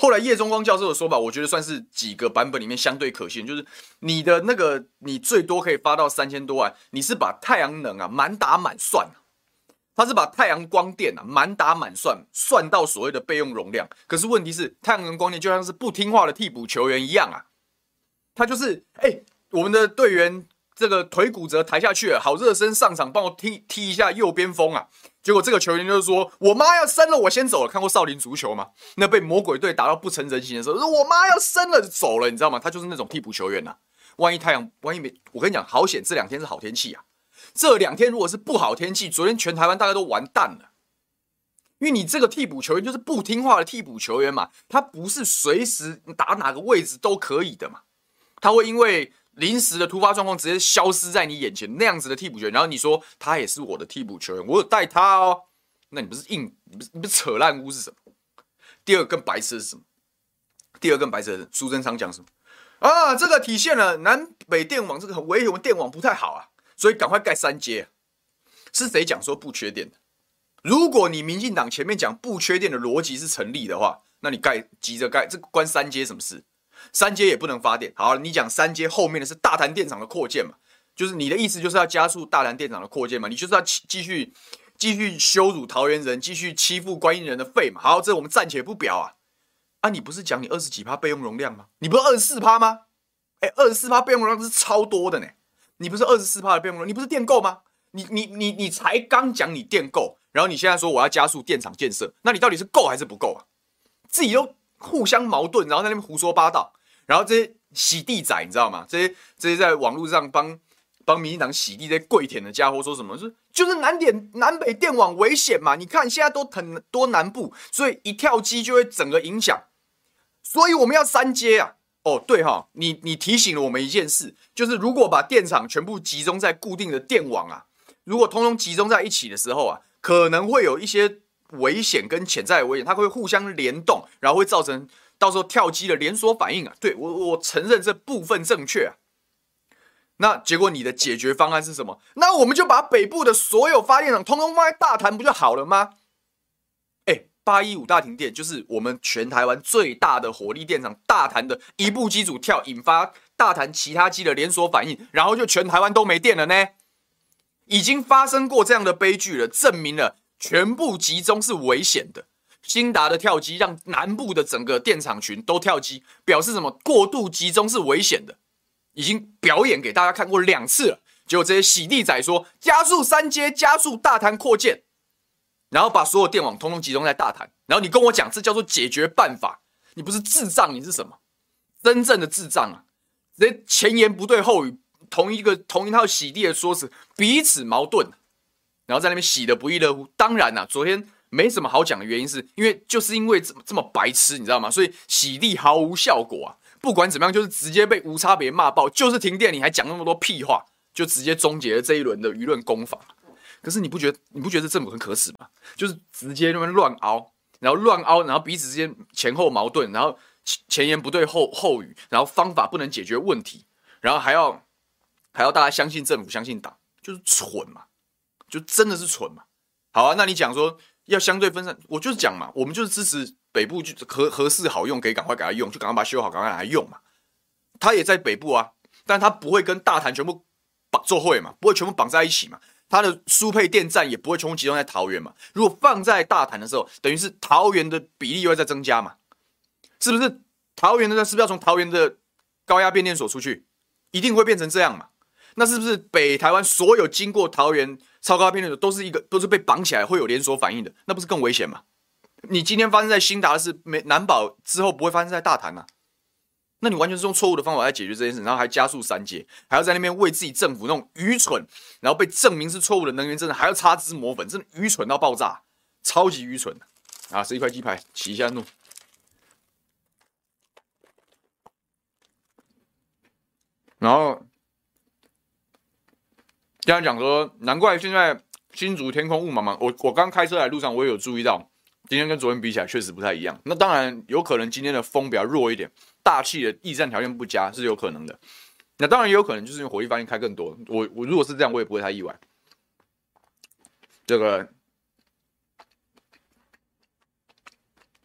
後來葉中光教授的說法，我覺得算是幾個版本裡面相對可信，就是你的那個你最多可以發到三千多萬，你是把太陽能啊滿打滿算，他是把太陽光電啊滿打滿算，算到所謂的備用容量。可是問題是，太陽能光電就像是不聽話的替補球員一樣啊，他就是哎、欸、我們的隊員。這個腿骨折抬下去了，好熱身上場幫我踢踢一下右邊鋒啊！結果這個球員就是說：“我媽要生了，我先走了。”看過《少林足球》嗎？那被魔鬼隊打到不成人形的時候，說：“我媽要生了，就走了。”你知道嗎？他就是那種替補球員啊。萬一太陽，萬一沒……我跟你講，好險！這兩天是好天氣啊。這兩天如果是不好天氣，昨天全台灣大家都完蛋了。因為你這個替補球員就是不聽話的替補球員嘛，他不是隨時打哪個位置都可以的嘛，他會因為。臨時的突發狀況直接消失在你眼前，那樣子的替補球員，然後你說他也是我的替補球員，我有帶他哦，那你不是硬，你不是你不是扯爛污是什麼？第二更白痴是什麼？第二更白痴，蘇貞昌講什麼，什麼啊？這個體現了南北電網這個很危險，我們電網不太好啊，所以趕快蓋三階。是誰講說不缺電的？如果你民進黨前面講不缺電的邏輯是成立的話，那你蓋急着蓋，這個、關三階什麼事？三接也不能發電，好，你講三接後面的是大潭電廠的擴建嘛？就是你的意思就是要加速大潭電廠的擴建嘛？你就是要繼續繼續羞辱桃園人，繼續欺負觀音人的肺嘛？好，這我們暫且不表啊。啊，你不是講你二十幾趴備用容量嗎？你不是二十四趴嗎？哎、欸，二十四趴備用容量是超多的呢。你不是二十四趴的備用容量？你不是電夠嗎？你你你你才剛講你電夠，然後你現在說我要加速電廠建設，那你到底是夠還是不夠啊？自己都。互相矛盾，然後在那邊胡說八道。然後這些洗地仔，你知道嗎？這些這些在網絡上幫幫民進黨洗地、這些跪舔的傢伙說什麼？就是就是南電、南北電網危險嘛？你看現在都很多南部，所以一跳機就會整個影響。所以我們要三接啊！哦，對哈、哦，你你提醒了我們一件事，就是如果把電廠全部集中在固定的電網啊，如果通通集中在一起的時候啊，可能會有一些。危險跟潛在的危險，它會互相聯動，然後會造成到時候跳機的連鎖反應啊！對我，我承認這部分正確啊。那結果你的解決方案是什麼？那我們就把北部的所有發電廠通通放在大潭不就好了嗎？哎、欸，八一五大停電就是我們全台灣最大的火力電廠大潭的一部機組跳，引發大潭其他機的連鎖反應，然後就全台灣都沒電了呢。已經發生過這樣的悲劇了，證明了。全部集中是危險的。興達的跳機讓南部的整個電廠群都跳機，表示什麼？過度集中是危險的，已經表演給大家看過兩次了。結果這些洗地仔說加速三接，加速大潭擴建，然後把所有電網通通集中在大潭，然後你跟我講這叫做解決辦法，你不是智障，你是什麼？真正的智障啊！這些前言不對後語，同一個同一套洗地的說辭，彼此矛盾。然後在那邊洗的不亦樂乎。當然吶、啊，昨天沒什麼好講的原因是，是因為就是因為這麼這麼白痴，你知道嗎？所以洗地毫無效果啊！不管怎麼樣，就是直接被無差別罵爆，就是停電，你還講那麼多屁話，就直接終結了這一輪的輿論攻防。可是你不覺得你不覺得政府很可恥嗎？就是直接那邊亂凹，然後亂凹，然後彼此之間前後矛盾，然後前言不對後後語，然後方法不能解決問題，然後還要還要大家相信政府，相信黨，就是蠢嘛。就真的是蠢嘛？好啊，那你講說要相對分散，我就是講嘛，我們就是支持北部就合合適好用，可以趕快給他用，就趕快把它修好，趕快拿來用嘛。他也在北部啊，但他不會跟大潭全部綁做會嘛，不會全部綁在一起嘛。他的輸配電站也不會全部集中在桃園嘛。如果放在大潭的時候，等於是桃園的比例又會再增加嘛，是不是？桃園的，是不是要從桃園的高壓變電所出去，一定會變成這樣嘛？那是不是北台灣所有經過桃園？超高頻率的都是一個，都是被綁起來會有連鎖反應的，那不是更危險嗎？你今天發生在興達是沒難保之後不會發生在大潭啊，那你完全是用錯誤的方法來解決這件事，然後還加速三接，還要在那邊為自己政府那種愚蠢，然後被證明是錯誤的能源政策，還要擦脂抹粉，真的愚蠢到爆炸，超級愚蠢啊！這、啊、一塊雞排，起一下怒，然後。這樣講說，難怪現在新竹天空霧茫茫。我我剛開車來路上，我也有注意到，今天跟昨天比起來確實不太一樣。那當然有可能今天的風比較弱一點，大氣的逆戰條件不佳是有可能的。那當然也有可能就是因為火力發電開更多。我我如果是這樣，我也不會太意外。這個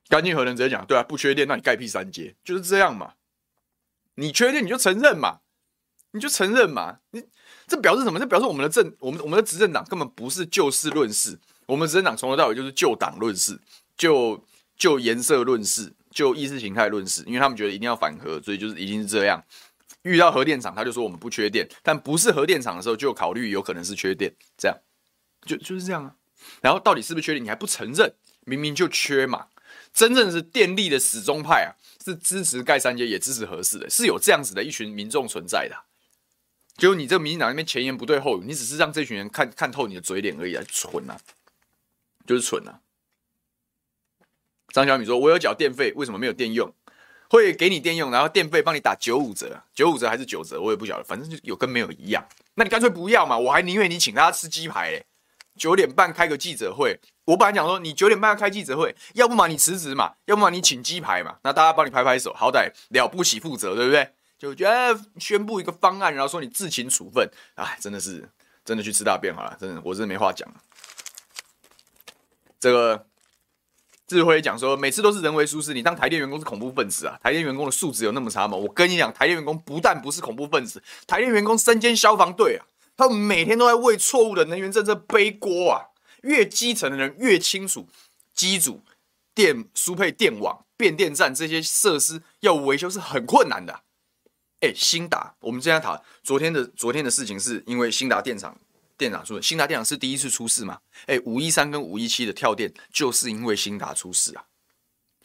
乾淨和人直接講，對啊，不缺電，那你蓋屁三接就是這樣嘛。你缺電你就承認嘛，你就承認嘛，你。這表示什麼？這表示我們的政，我們我們的執政黨根本不是就事論事，我們執政黨從頭到尾就是就黨論事，就就顏色論事，就意識形態論事，因為他們覺得一定要反核，所以就是已經是這樣。遇到核電廠，他就說我們不缺電，但不是核電廠的時候，就考慮有可能是缺電，這樣就就是這樣啊。然後到底是不是缺電？你還不承認，明明就缺嘛。真正是電力的死忠派啊，是支持蓋三接也支持核四的，是有這樣子的一群民眾存在的啊。就你這民進黨那邊前言不對後語，你只是讓這群人看看透你的嘴臉而已啊，蠢啊，就是蠢啊。張小米說：“我有繳電費，為什麼沒有電用？會給你電用，然後電費幫你打九五折，九五折還是九折，我也不曉得，反正就有跟沒有一樣。那你乾脆不要嘛，我還寧願你請大家吃雞排。九點半開個記者會，我本來講說你九點半要開記者會，要不嘛你辭職嘛，要不嘛你請雞排嘛，那大家幫你拍拍手，好歹了不起負責，對不對？”就覺得、欸、宣布一個方案，然後說你自行處分，唉，真的是，真的去吃大便好了。真的，我真的沒話講了。這個智慧講說，每次都是人為疏失，你當台電員工是恐怖分子啊！台電員工的素質有那麼差嗎？我跟你講，台電員工不但不是恐怖分子，台電員工身兼消防隊啊，他們每天都在為錯誤的能源政策背鍋啊！越基層的人越清楚，機組、電輸配電網、變電站這些設施要維修是很困難的、啊。哎、欸，興達，我們這天談昨天的昨天的事情，是因為興達電廠電廠說的，興達電廠是第一次出事嘛？哎、欸，五一三跟五一七的跳電，就是因為興達出事啊，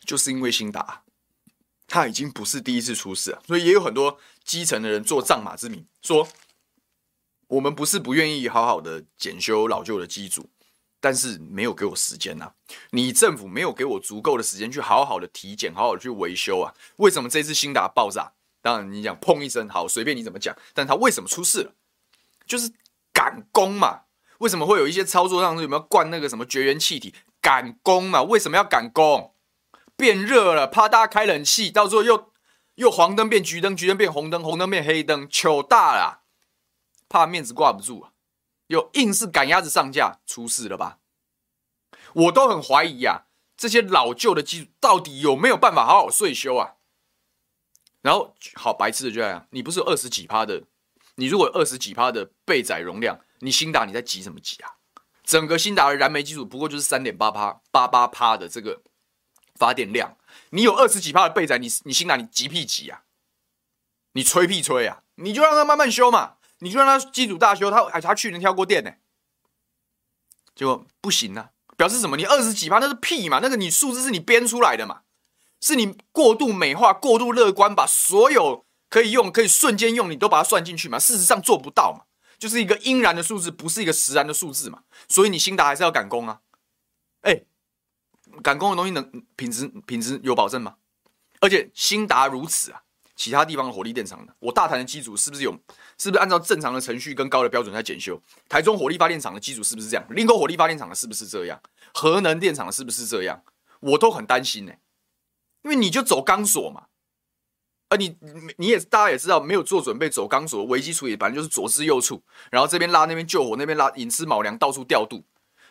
就是因為興達、啊，它已經不是第一次出事了、啊，所以也有很多基層的人做仗馬之鳴，說我們不是不願意好好的檢修老舊的機組，但是沒有給我時間吶、啊，你政府沒有給我足夠的時間去好好的體檢，好好的去維修啊，為什麼這次興達爆炸？當然你想碰，你講砰一聲好，隨便你怎麼講。但他為什麼出事了？就是趕工嘛。為什麼會有一些操作上有沒有灌那個什麼絕緣氣體？趕工嘛。為什麼要趕工？變熱了，怕大家開冷氣，到時候又又黃燈變橘燈，橘燈變紅燈，紅燈變黑燈，糗大了啊。怕面子掛不住啊，又硬是趕鴨子上架，出事了吧？我都很懷疑呀啊，這些老舊的機組到底有沒有辦法好好歲修啊？然後好白痴的就在樣，你不是有二十幾趴的，你如果二十幾趴的備載容量，你興達你在擠什麼擠啊？整個興達的燃煤機組不過就是三點八趴，八八趴的這個發電量，你有二十幾趴的備載，你你興達你急屁急啊？你吹屁吹啊？你就讓它慢慢修嘛，你就讓它機組大修，它還它去年跳過電呢，欸，結果不行啊，表示什麼？你二十幾趴那是屁嘛，那個你數字是你編出來的嘛。是你過度美化、過度樂觀把所有可以用、可以瞬間用，你都把它算進去嘛？事實上做不到嘛，就是一個應然的數字，不是一個實然的數字嘛。所以，你興達還是要趕工啊！哎、欸，趕工的東西能品質、品質有保證嗎？而且興達如此啊，其他地方的火力電廠的，我大潭的機組是不是有？是不是按照正常的程序跟高的標準在檢修？台中火力發電廠的機組是不是這樣？林口火力發電廠的是不是這樣？核能電廠的是不是這樣？我都很擔心呢、欸。因為你就走鋼索嘛，啊你，你你也大家也知道，沒有做準備走鋼索，危機處理本來就是左支右絀，然後這邊拉那邊救火，那邊拉寅吃卯糧，到處調度。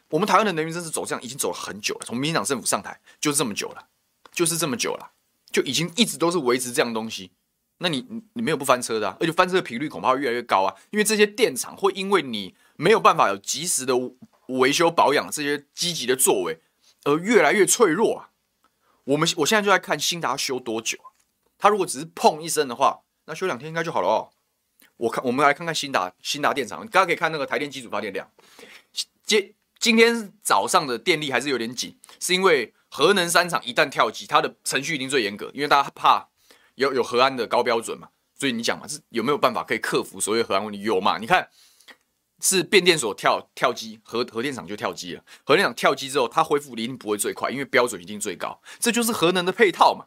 我們台灣的能源真是走向已經走了很久了，從民進黨政府上台就是、這麼久了，就是這麼久了，就已經一直都是維持這樣的東西。那你你沒有不翻車的、啊，而且翻車的頻率恐怕越來越高啊，因為這些電廠會因為你沒有辦法有及時的維修保養這些積極的作為，而越來越脆弱啊。我們我現在就在看新達要修多久啊？他如果只是砰一聲的話，那修兩天應該就好了哦。我看我們來看看新達新達電廠，大家可以看那個台電機組發電量。今今天早上的電力還是有點緊，是因為核能三廠一旦跳機，它的程序一定最嚴格，因為大家怕有有核安的高標準嘛。所以你講嘛，是有沒有辦法可以克服所謂核安問題？有嘛？你看。是變電所跳跳機，核核電廠就跳機了。核電廠跳機之後，它恢復一定不會最快，因為標準一定最高。這就是核能的配套嘛，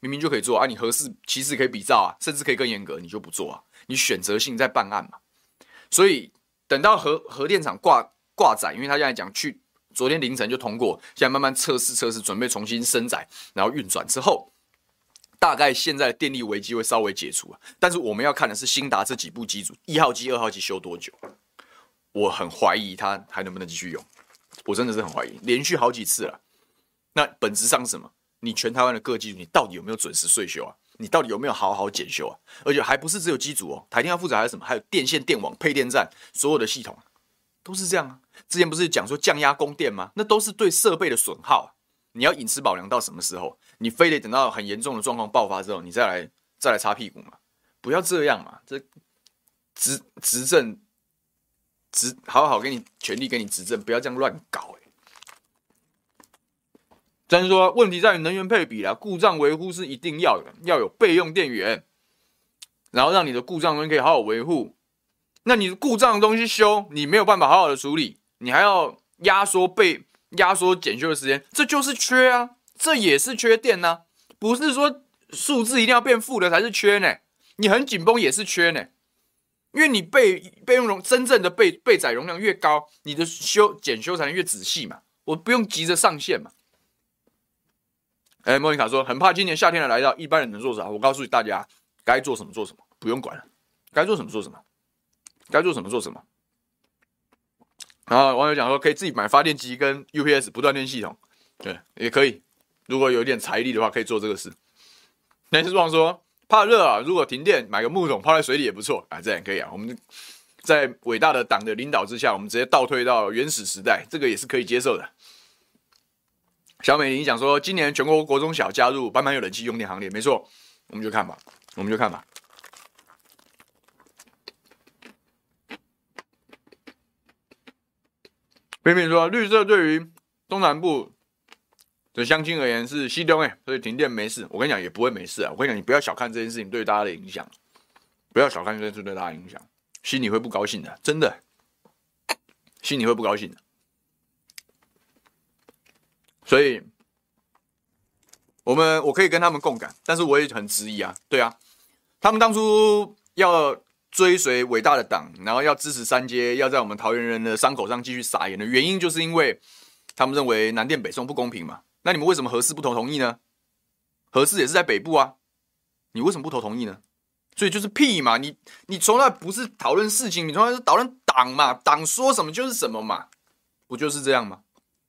明明就可以做啊，你核適其實可以比照啊，甚至可以更嚴格，你就不做啊，你選擇性在辦案嘛。所以等到核核電廠掛掛載，因為他現在講去，昨天凌晨就通過，現在慢慢測試測試，準備重新升載，然後運轉之後，大概現在的電力危機會稍微解除啊。但是我們要看的是，興達這幾部機組，一號機、二號機修多久？我很懷疑它還能不能繼續用，我真的是很懷疑，連續好幾次了。那本質上是什麼？你全台灣的各個機組，你到底有沒有準時歲修啊？你到底有沒有好好檢修啊？而且還不是只有機組哦，台電要負責還有什麼？還有電線、電網、配電站所有的系統，都是這樣啊。之前不是講說降壓供電嗎？那都是對設備的損耗。你要飲食保量到什麼時候？你非得等到很嚴重的狀況爆發之後，你再來再來擦屁股嘛？不要這樣嘛！這執執政。好好給你全力給你執政，不要這樣亂搞哎、欸。但是說，問題在於能源配比啦，故障維護是一定要的，要有備用電源，然後讓你的故障東西可以好好維護。那你故障的東西修，你沒有辦法好好的處理，你還要壓縮被壓縮檢修的時間，這就是缺啊，這也是缺電呢、啊。不是說數字一定要變負的才是缺呢，你很緊繃也是缺呢。因為你備備用容真正的備備載容量越高，你的修檢修才能越仔細嘛，我不用急着上線嘛。哎、欸，莫妮卡說很怕今年夏天的來到，一般人能做啥？我告訴大家，該做什麼做什麼，不用管了，該做什麼做什麼，該做什麼做什麼。然後網友講說可以自己買發電機跟 UPS 不斷電系統，對，也可以。如果有一點財力的話，可以做這個事。南是旺說。怕熱啊！如果停電，買個木桶泡在水裡也不錯啊，這樣也可以啊！我們在偉大的黨的領導之下，我們直接倒退到原始時代，這個也是可以接受的。小美玲講說，今年全國國中小加入班班有冷氣用電行列，沒錯，我們就看吧，我們就看吧。明明說，綠色對於東南部。對鄉親而言是熄燈哎、欸，所以停電沒事。我跟你講，也不會沒事啊。我跟你講，你不要小看這件事情對大家的影響，不要小看這件事情對大家的影響，心裡會不高興的，真的，心裡會不高興的。所以，我們我可以跟他們共感，但是我也很質疑啊。對啊，他們當初要追隨偉大的黨，然後要支持三接，要在我們桃園人的傷口上繼續撒鹽的原因，就是因為他們認為南電北送不公平嘛。那你們為什麼核四不投同意呢？核四也是在北部啊，你為什麼不投同意呢？所以就是屁嘛，你你從來不是討論事情，你從來是討論黨嘛，黨說什麼就是什麼嘛，不就是這樣嗎？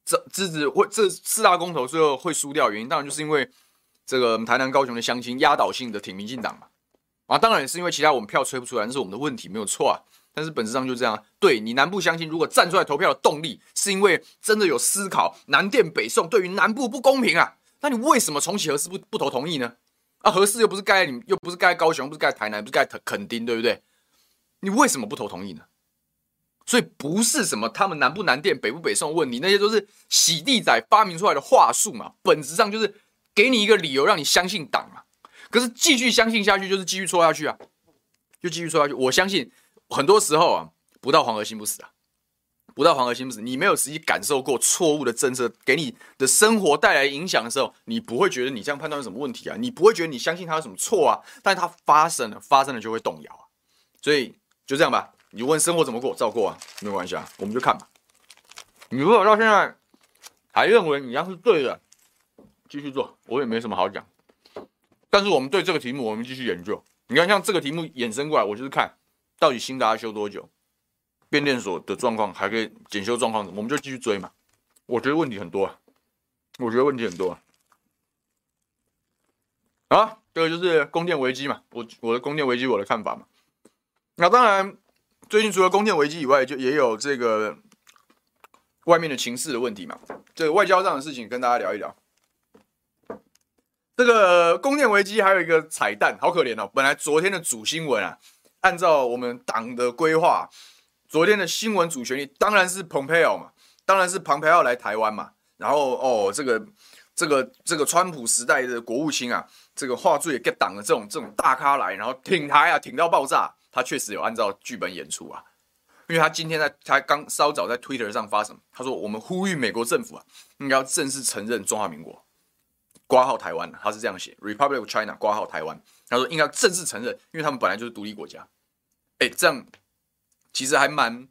這、這、這會這四大公投最後會輸掉的原因，當然就是因為這個台南、高雄的鄉親壓倒性的挺民進黨嘛，啊，當然也是因為其他我們票催不出來，那是我們的問題，沒有錯啊。但是本質上就這樣，對你南部相信，如果站出來投票的動力是因為真的有思考，南電北送對於南部不公平啊，那你為什麼重啟核四不不投同意呢？啊，核四又不是蓋在你，又不是蓋在高雄，不是蓋在台南，不是蓋在墾丁，對不對？你為什麼不投同意呢？所以不是什麼他們南部南電北不北送問題，那些都是洗地仔發明出來的話術嘛。本質上就是給你一個理由讓你相信黨啊，可是繼續相信下去就是繼續錯下去啊，就繼續錯下去。我相信。很多時候啊，不到黃河心不死啊，不到黃河心不死。你沒有實際感受過錯誤的政策給你的生活帶來影響的時候，你不會覺得你這樣判斷有什麼問題啊，你不會覺得你相信它有什麼錯啊。但是它發生了，發生了就會動搖啊。所以就這樣吧，你問生活怎麼過，照過啊，沒有關係啊，我們就看吧。你如果到現在還認為你要是對的，繼續做，我也沒什麼好講。但是我們對這個題目，我們繼續研究。你看，像這個題目衍生過來，我就是看。到底新的阿修多久？變電所的狀況還可以狀況，檢修狀況怎麼？我們就繼續追嘛。我覺得問題很多啊，我覺得問題很多啊。啊，這個就是供電危機嘛，我我的供電危機我的看法嘛。那當然，最近除了供電危機以外，就也有這個外面的情勢的問題嘛。這個外交上的事情跟大家聊一聊。這個供電危機還有一個彩蛋，好可憐哦。本來昨天的主新聞啊。按照我們黨的規劃，昨天的新聞主旋律當然是蓬佩奧嘛，當然是蓬佩奧來台灣嘛。然後哦，這個這個這個川普時代的國務卿啊，這個話術也給黨的這種這種大咖來，然後挺台啊，挺到爆炸。他確實有按照劇本演出啊，因為他今天在他剛稍早在 Twitter 上發什麼？他說我們呼籲美國政府啊，應該要正式承認中華民國，括號台灣。他是這樣寫：Republic of China 括號台灣。他說應該正式承認，因為他們本來就是獨立國家。欸，這樣其實還蠻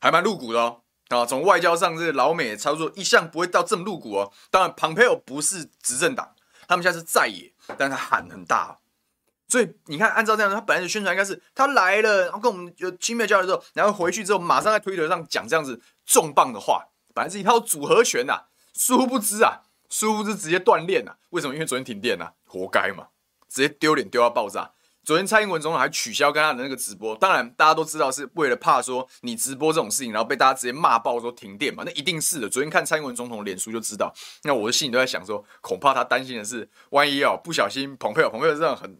還蠻露骨的哦啊！從外交上，這老美操作一向不會到這麼露骨哦。當然，p 佩 o 不是執政黨，他們現在是在野，但他喊很大，哦。所以你看，按照這樣他本來的宣傳應該是他來了，然後跟我們有親密交流之後，然後回去之後馬上在推特上講這樣子重磅的話，本來是一套組合拳吶，啊。殊不知啊，殊不知直接斷鏈了。為什麼？因為昨天停電啊，活該嘛，直接丟臉丟到爆炸。昨天蔡英文總統還取消跟他的那個直播，當然大家都知道是為了怕說你直播這種事情，然後被大家直接罵爆說停電嘛，那一定是的。昨天看蔡英文總統臉書就知道，那我的心裡都在想說，恐怕他擔心的是，萬一哦、喔、不小心蓬佩奧蓬佩奧這樣很，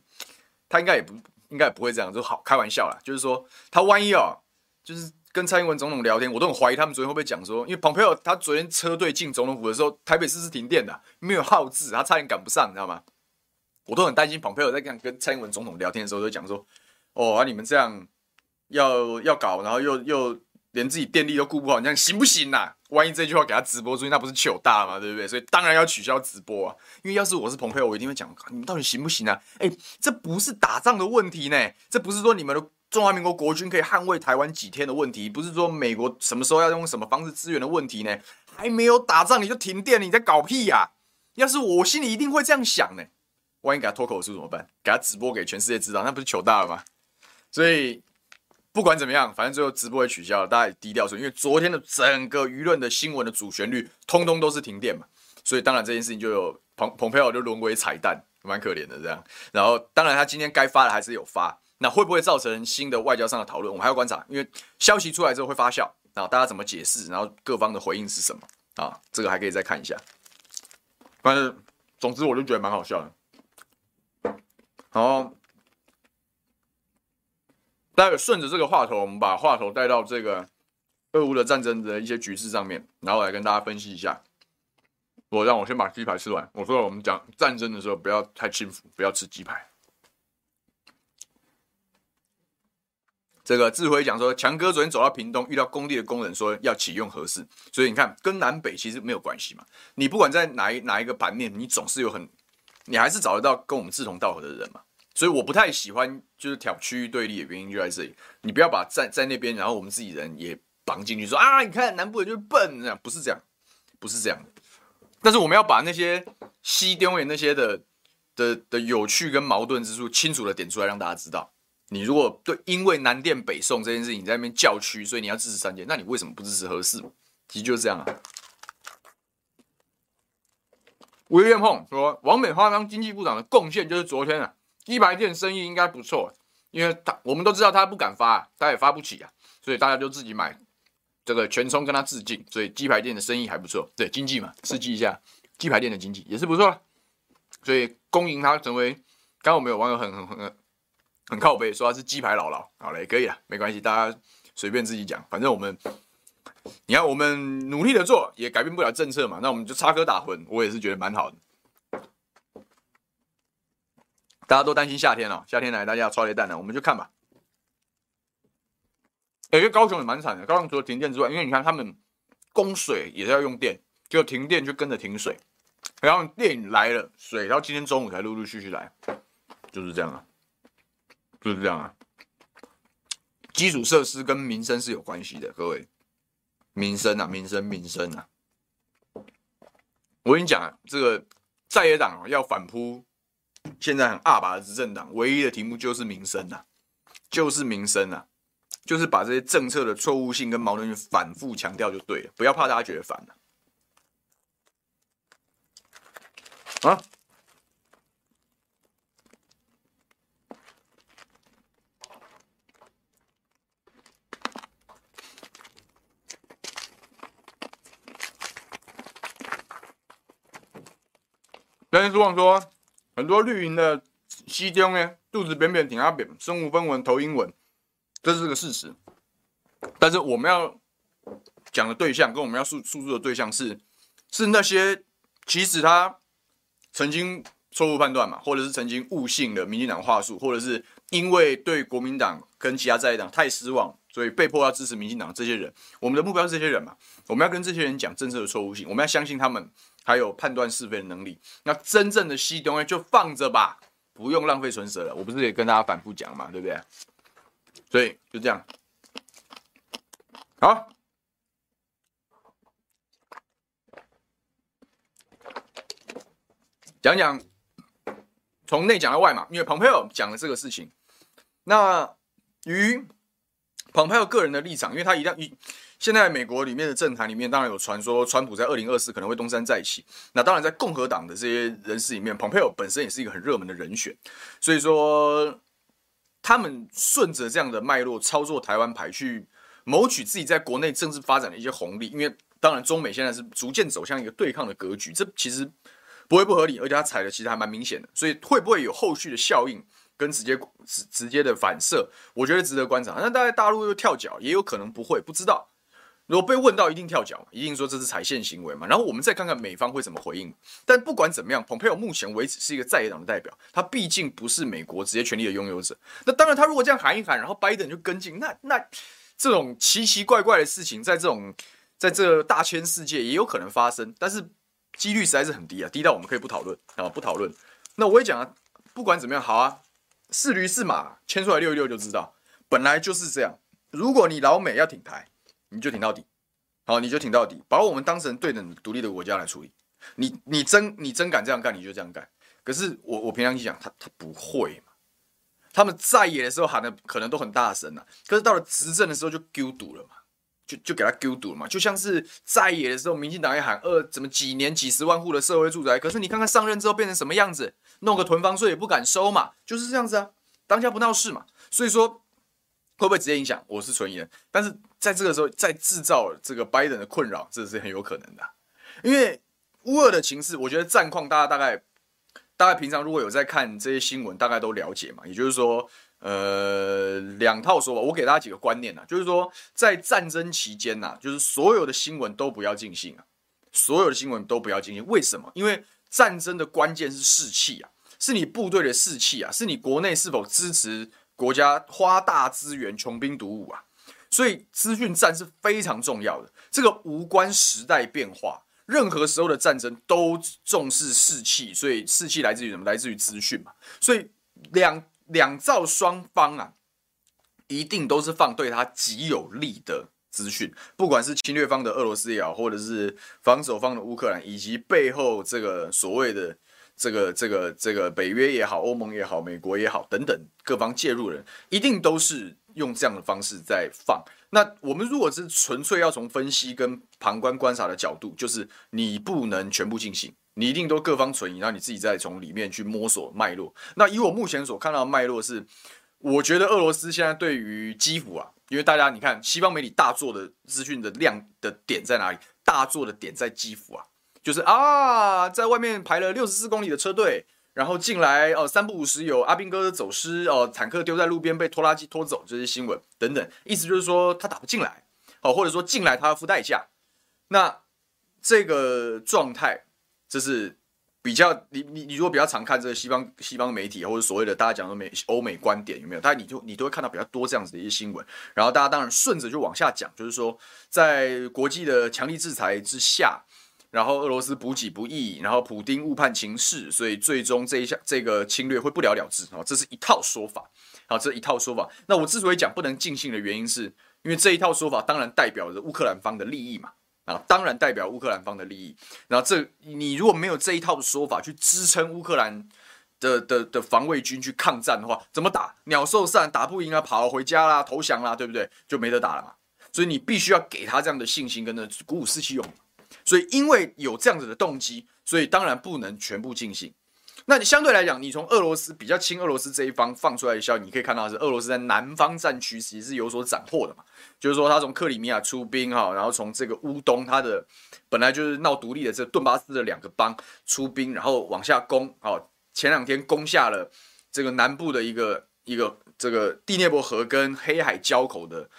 他應該也不應該不會這樣，就好開玩笑啦，就是說他萬一哦、喔，就是跟蔡英文總統聊天，我都很懷疑他們昨天會不會講說，因為蓬佩奧他昨天車隊進總統府的時候，台北市是停電的，沒有號誌，他差點趕不上，你知道嗎？我都很擔心，蓬佩奧在跟跟蔡英文總統聊天的時候就講說：“哦，啊，你們這樣要要搞，然後又又連自己電力都顧不好，你這樣行不行吶、啊？萬一這句話給他直播出去，那不是糗大嘛，對不對？所以當然要取消直播啊，因為要是我是蓬佩奧，我一定會講、啊：你們到底行不行啊？哎、欸，這不是打仗的問題呢，這不是說你們的中華民國國軍可以捍衛台灣幾天的問題，不是說美國什麼時候要用什麼方式支援的問題呢？還沒有打仗你就停電你在搞屁呀、啊？要是我心裡一定會這樣想呢。”萬一給他脫口秀怎麼辦？給他直播給全世界知道，那不是糗大了嗎？所以不管怎麼樣，反正最後直播也取消了，大家也低調說。因為昨天的整個輿論的新聞的主旋律，通通都是停電嘛，所以當然這件事情就有蓬蓬佩奧就淪為彩蛋，蠻可憐的這樣。然後當然他今天該發的還是有發，那會不會造成新的外交上的討論？我們還要觀察，因為消息出來之後會發酵，然後大家怎麼解釋，然後各方的回應是什麼啊？這個還可以再看一下。但是總之我就覺得蠻好笑的。然後，待會順着這個話頭，我們把話頭帶到這個俄烏的戰爭的一些局勢上面，然後來跟大家分析一下。我讓我先把雞排吃完。我說我們講戰爭的時候不要太輕浮，不要吃雞排。這個志輝講說，強哥昨天走到屏東，遇到工地的工人說要啟用核四，所以你看跟南北其實沒有關係嘛。你不管在哪一哪一個版面，你總是有很。你還是找得到跟我們志同道合的人嘛，所以我不太喜歡就是挑區域對立的原因就在這裡。你不要把在在那邊，然後我們自己人也綁進去說啊，你看南部人就是笨這、啊、樣，不是這樣，不是這樣。但是我們要把那些西電那些的的的有趣跟矛盾之處清楚的點出來讓大家知道。你如果對因為南電北送這件事情你在那邊叫屈，所以你要支持三接，那你為什麼不支持核四？其實就是這樣啊。威廉·碰說，王美花當經濟部長的貢獻就是昨天啊，雞排店生意應該不錯，啊，因為他我們都知道他不敢發，啊，他也發不起啊，所以大家就自己買這個全衝跟他致敬，所以雞排店的生意還不錯，對經濟嘛，刺激一下雞排店的經濟也是不錯，啊，所以恭迎他成為剛剛我們有網友很很很很靠背說他是雞排姥姥，好嘞，可以了，沒關係，大家隨便自己講，反正我們。你看，我們努力的做，也改變不了政策嘛。那我們就插科打諢，我也是覺得蠻好的。大家都擔心夏天了、哦，夏天來大家要超熱蛋了，我們就看吧。哎、欸，因為高雄也蠻慘的，高雄除了停電之外，因為你看他們供水也是要用電，就停電就跟着停水，然後電來了水，到今天中午才陸陸續續來，就是這樣啊，就是這樣啊。基礎設施跟民生是有關係的，各位。民生啊，民生民生啊。我跟你講、啊，這個在野黨、啊、要反撲，現在很二吧？執政黨唯一的題目就是民生啊，就是民生啊，就是把這些政策的錯誤性跟矛盾反覆強調就對了，不要怕大家覺得煩啊。啊但是忘了說：“很多綠營的死忠呢，肚子扁扁、挺阿扁，身無分文、投英文，這是個事實。但是我們要講的對象，跟我們要訴訴諸的對象是，是那些其實他曾經錯誤判斷嘛，或者是曾經誤信了民進黨話術，或者是因為對國民黨跟其他在野黨太失望。”所以被迫要支持民進黨這些人，我們的目標是這些人嘛？我們要跟這些人講政策的錯誤性，我們要相信他們，還有判斷是非的能力。那真正的吸東西就放着吧，不用浪費唇舌了。我不是也跟大家反复講嘛，對不對？所以就這樣，好，講講從內講到外嘛，因為蓬佩奧講了這個事情，那於。蓬佩奧個人的立場，因為他一樣，一現在美國裡面的政壇裡面，當然有傳說，川普在二零二四可能會東山再起。那當然，在共和黨的這些人士裡面，蓬佩奧本身也是一個很熱門的人選。所以說，他們順着這樣的脈絡操作台灣牌，去謀取自己在國內政治發展的一些紅利。因為當然，中美現在是逐漸走向一個對抗的格局，這其實不會不合理，而且他踩的其實還蠻明顯的。所以，會不會有後續的效應？跟直接直直接的反射，我覺得值得觀察。那大概大陸又跳腳，也有可能不會，不知道。如果被問到一定跳腳，一定說這是踩線行為嘛。然後我們再看看美方會怎麼回應。但不管怎麼樣，蓬佩奧目前為止是一個在野黨的代表，他畢竟不是美國直接權力的擁有者。那當然，他如果這樣喊一喊，然後拜登就跟進，那那這種奇奇怪怪的事情在，在這種在這大千世界也有可能發生，但是幾率實在是很低啊，低到我們可以不討論啊，不討論。那我也講啊，不管怎麼樣，好啊。是驢是馬，牽出來遛一遛，就知道。本來就是這樣。如果你老美要挺台，你就挺到底。好，你就挺到底，把我們當成對等獨立的國家來處理。你你真你真敢這樣幹，你就這樣幹。可是我我平常一講，他他不會嘛。他們在野的時候喊的可能都很大聲吶，可是到了執政的時候就丟賭了嘛，就就給他丟賭了嘛。就像是在野的時候民，民進黨也喊呃怎麼幾年幾十萬戶的社會住宅，可是你看看上任之後變成什麼樣子。弄個囤房稅也不敢收嘛，就是這樣子啊，當家不鬧事嘛，所以說會不會直接影響，我是存疑的。但是在這個時候在製造這個拜登的困擾，這是很有可能的啊。因為烏俄的情勢，我覺得戰況大家大概，大概平常如果有在看這些新聞，大概都了解嘛。也就是說，呃，兩套說法，我給大家幾個觀念吶啊，就是說在戰爭期間啊，就是所有的新聞都不要盡信啊，所有的新聞都不要盡信，為什麼？因為。戰爭的關鍵是士氣啊，是你部隊的士氣啊，是你國內是否支持國家花大資源窮兵黷武啊，所以資訊戰是非常重要的，這個無關時代變化，任何時候的戰爭都重視士氣，所以士氣來自於什麼？來自於資訊嘛，所以兩兩造雙方啊，一定都是放對他極有利的。資訊，不管是侵略方的俄羅斯也好，或者是防守方的烏克蘭，以及背後這個所謂的這個這個、這個、這個北約也好、歐盟也好、美國也好等等各方介入的人，一定都是用這樣的方式在放。那我們如果是純粹要從分析跟旁觀觀察的角度，就是你不能全部進行，你一定都各方存疑，然後你自己再從裡面去摸索脈絡。那以我目前所看到的脈絡是，我覺得俄羅斯現在對於基輔啊。因為大家你看，西方媒體大做的資訊的量的點在哪裡？大做的點在基輔啊，就是啊，在外面排了六十四公里的車隊，然後進來哦、呃，三不五時有阿兵哥走失哦、呃，坦克丟在路邊被拖拉機拖走，這些新聞等等，意思就是說他打不進來，哦，或者說進來他要付代價。那這個狀態，這是。比較你你你如果比較常看這個西方西方媒體或者所謂的大家講的美歐美觀點有沒有？大你就你都會看到比較多這樣子的一些新聞。然後大家當然順着就往下講，就是說在國際的強力制裁之下，然後俄羅斯補給不易，然後普丁誤判情勢，所以最終這一下這個侵略會不了了之啊，這是一套說法啊，這一套說法。那我之所以講不能盡信的原因是，是因為這一套說法當然代表着烏克蘭方的利益嘛。啊，當然代表烏克蘭方的利益。然後這你如果沒有這一套的說法去支撐烏克蘭的的的防衛軍去抗戰的話，怎麼打？鳥獸散，打不贏啊，跑回家啦，投降啦，對不對？就沒得打了嘛。所以你必須要給他這樣的信心，跟那鼓舞士氣用。所以因為有這樣子的動機，所以當然不能全部進行。那你相對來講，你從俄羅斯比較親俄羅斯這一方放出來的消息，你可以看到是俄羅斯在南方戰區其實是有所斬獲的嘛。就是說，他從克里米亞出兵哈，然後從這個烏東，他的本來就是鬧獨立的這個、頓巴斯的兩個邦出兵，然後往下攻哦，前兩天攻下了這個南部的一個一個這個第聶伯河跟黑海交口的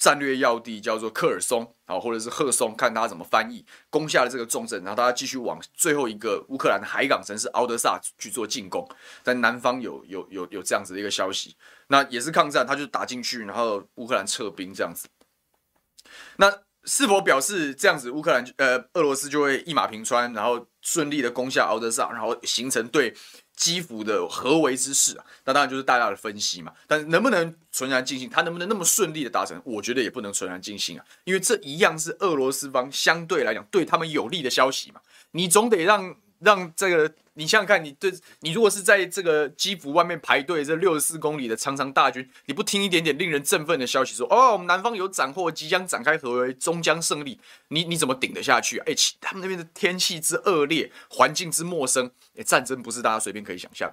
戰略要地叫做克爾松，好，或者是赫松，看他怎麼翻譯。攻下了這個重鎮，然後大家繼續往最後一個烏克蘭海港城市奧德薩去做進攻，但南方有有有有這樣子的一個消息，那也是抗戰，他就打進去，然後烏克蘭撤兵這樣子。那是否表示這樣子烏克蘭呃俄羅斯就會一馬平川，然後順利的攻下奧德薩，然後形成對？基輔的合圍之勢啊？那當然就是大家的分析嘛。但是能不能純然盡興？它能不能那麼順利的達成？我覺得也不能純然盡興啊，因為這一樣是俄羅斯方相對來講對他們有利的消息嘛。你總得讓。讓這個，你想想看，你對你如果是在這個基輔外面排隊這六十四公里的長長大軍，你不聽一點點令人振奮的消息說，說哦，我們南方有斬獲，即將展開合圍，終將勝利，你你怎麼頂得下去啊？哎、欸，他們那邊的天氣之惡劣，環境之陌生、欸，戰爭不是大家隨便可以想象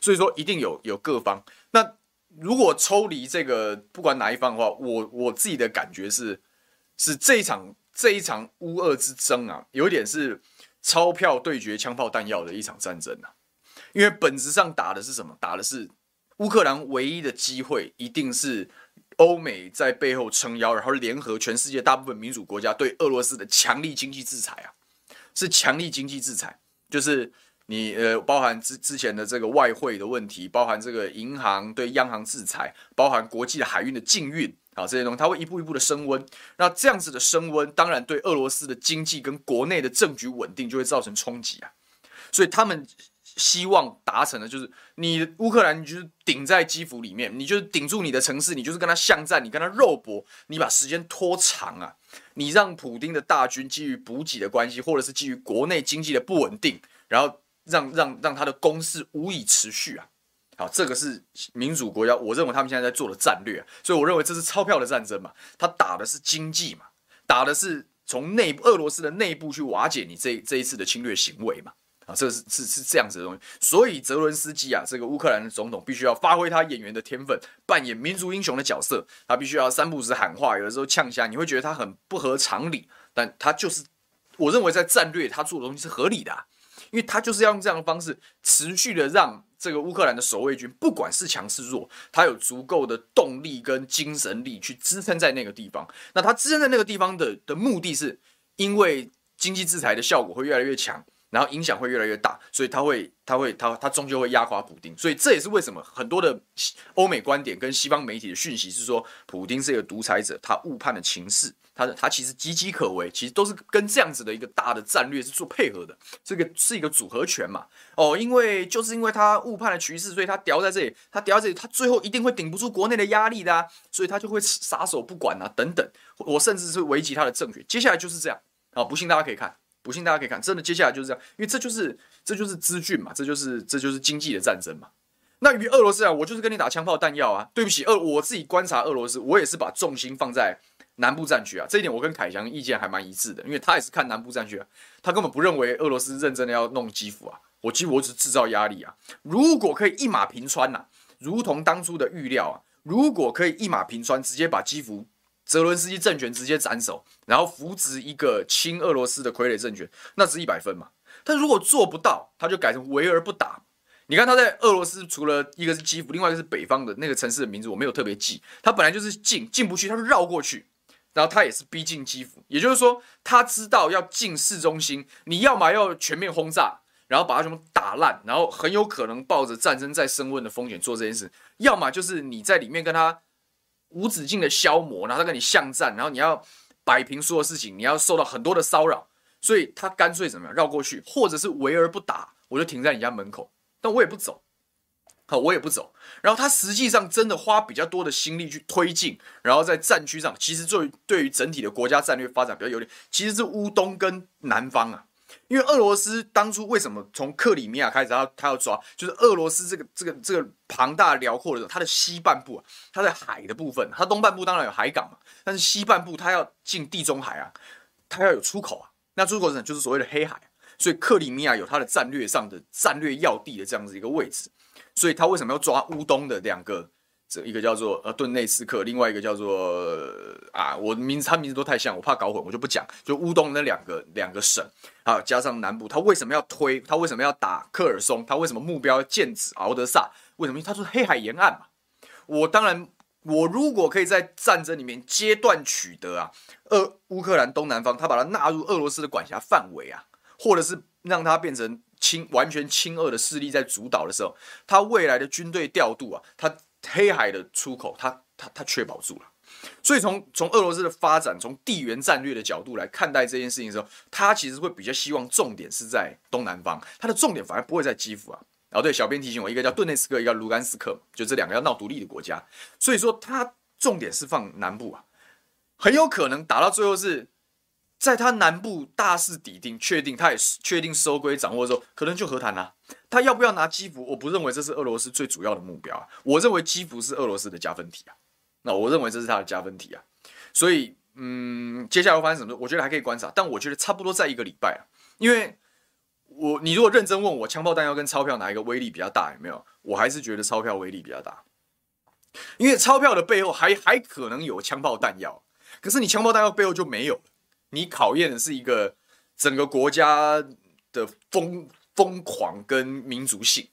所以說一定有有各方。那如果抽離這個不管哪一方的話，我我自己的感覺是，是這一場這一場烏俄之爭啊，有一點是。鈔票對決槍炮彈藥的一場戰爭啊，因為本質上打的是什麼？打的是烏克蘭唯一的機會，一定是歐美在背後撐腰，然後聯合全世界大部分民主國家對俄羅斯的強力經濟制裁啊！是強力經濟制裁，就是你呃，包含之之前的這個外匯的問題，包含這個銀行對央行制裁，包含國際的海運的禁運。啊，這些東西它會一步一步的升溫。那這樣子的升溫，當然對俄羅斯的經濟跟國內的政局穩定就會造成衝擊啊。所以他們希望達成的，就是你烏克蘭，你就是頂在基輔裡面，你就是頂住你的城市，你就是跟他巷戰，你跟他肉搏，你把時間拖長啊，你讓普丁的大軍基於補給的關係，或者是基於國內經濟的不穩定，然後讓讓讓他的攻勢無以持續啊。好，這個是民主國家，我認為他們現在在做的戰略、啊，所以我認為這是鈔票的戰爭嘛，他打的是經濟嘛，打的是從內俄羅斯的內部去瓦解你這這一次的侵略行為嘛，啊，這是是是這樣子的東西，所以澤倫斯基啊，這個烏克蘭的總統必須要發揮他演員的天分，扮演民族英雄的角色，他必須要三不五時喊話，有的時候嗆一下，你會覺得他很不合常理，但他就是我認為在戰略他做的東西是合理的、啊，因為他就是要用這樣的方式持續的讓。這個烏克蘭的守衛軍，不管是強是弱，他有足夠的動力跟精神力去支撐在那個地方。那他支撐在那個地方的的目的是，因為經濟制裁的效果會越來越強，然後影響會越來越大，所以他會，他會，他他終究會壓垮普丁。所以這也是為什麼很多的歐美觀點跟西方媒體的訊息是說，普丁是一個獨裁者，他誤判了情勢。他他其實岌岌可危，其實都是跟這樣子的一個大的戰略是做配合的，這個是一個組合拳嘛。哦，因為就是因為他誤判了局勢，所以他吊在這裡，他吊在這裡，他最後一定會頂不住國內的壓力的、啊，所以他就會撒手不管啊，等等。我甚至是危及他的政權。接下來就是這樣啊、哦，不信大家可以看，不信大家可以看，真的接下來就是這樣，因為這就是這就是資訊嘛，這就是這就是經濟的戰爭嘛。那與俄羅斯啊，我就是跟你打槍炮彈藥啊。對不起，俄我自己觀察俄羅斯，我也是把重心放在。南部戰區啊，這一點我跟凱翔意見還蠻一致的，因為他也是看南部戰區，啊，他根本不認為俄羅斯認真的要弄基輔啊。我其實我只製造壓力啊。如果可以一馬平川吶、啊，如同當初的預料啊，如果可以一馬平川，直接把基輔、澤倫斯基政權直接斬首，然後扶植一個親俄羅斯的傀儡政權，那是一百分嘛。但如果做不到，他就改成圍而不打。你看他在俄羅斯，除了一個是基輔，另外一個是北方的那個城市的名字，我沒有特別記。他本來就是進進不去，他就繞過去。然後他也是逼近基輔，也就是說，他知道要進市中心，你要麼要全面轟炸，然後把它全部打爛，然後很有可能冒著戰爭再升溫的風險做這件事；要麼就是你在裡面跟他無止境的消磨，然後他跟你巷戰，然後你要擺平所有事情，你要受到很多的騷擾，所以他乾脆怎麼樣繞過去，或者是圍而不打，我就停在你家門口，但我也不走。好、哦，我也不走。然後他實際上真的花比較多的心力去推進，然後在戰區上，其實為對，對於整體的國家戰略發展比較有利，其實是烏東跟南方啊。因為俄羅斯當初為什麼從克里米亞開始要，他他要抓，就是俄羅斯這個這個、這個、這個龐大遼闊的時候它的西半部啊，它在海的部分，它東半部當然有海港嘛，但是西半部它要進地中海啊，它要有出口啊，那出口呢就是所謂的黑海，所以克里米亞有它的戰略上的戰略要地的這樣子一個位置。所以他為什麼要抓烏東的兩個？這一個叫做呃頓內斯克，另外一個叫做啊，我名字他名字都太像，我怕搞混，我就不講。就烏東那兩個兩個省，啊，加上南部，他為什麼要推？他為什麼要打科爾松？他為什麼目標劍指敖德薩？為什麼？因為他說黑海沿岸嘛。我當然，我如果可以在戰爭裡面階段取得啊，呃，烏克蘭東南方，他把它納入俄羅斯的管轄範圍啊，或者是讓它變成。親，完全親俄的勢力在主導的時候，他未來的軍隊調度啊，他黑海的出口，他他他確保住了。所以從從俄羅斯的發展，從地緣戰略的角度來看待這件事情的時候，他其實會比較希望重點是在東南方，他的重點反而不會在基輔啊。後、啊、對，小編提醒我，一個叫頓涅茨克，一個叫盧甘斯克，就這兩個要鬧獨立的國家，所以說他重點是放南部啊，很有可能打到最後是，在他南部大勢底定、確定，他也確定收歸掌握之後，可能就和談啊。他要不要拿基輔？我不認為這是俄羅斯最主要的目標啊。我認為基輔是俄羅斯的加分題啊。那我認為這是他的加分題啊。所以，嗯，接下來會發生什麼？我覺得還可以觀察，但我覺得差不多在一個禮拜啊。因為我，你如果認真問我，槍炮彈藥跟鈔票哪一個威力比較大？有沒有？我還是覺得鈔票威力比較大，因為鈔票的背後還還可能有槍炮彈藥，可是你槍炮彈藥背後就沒有你考驗的是一個整個國家的瘋瘋狂跟民族性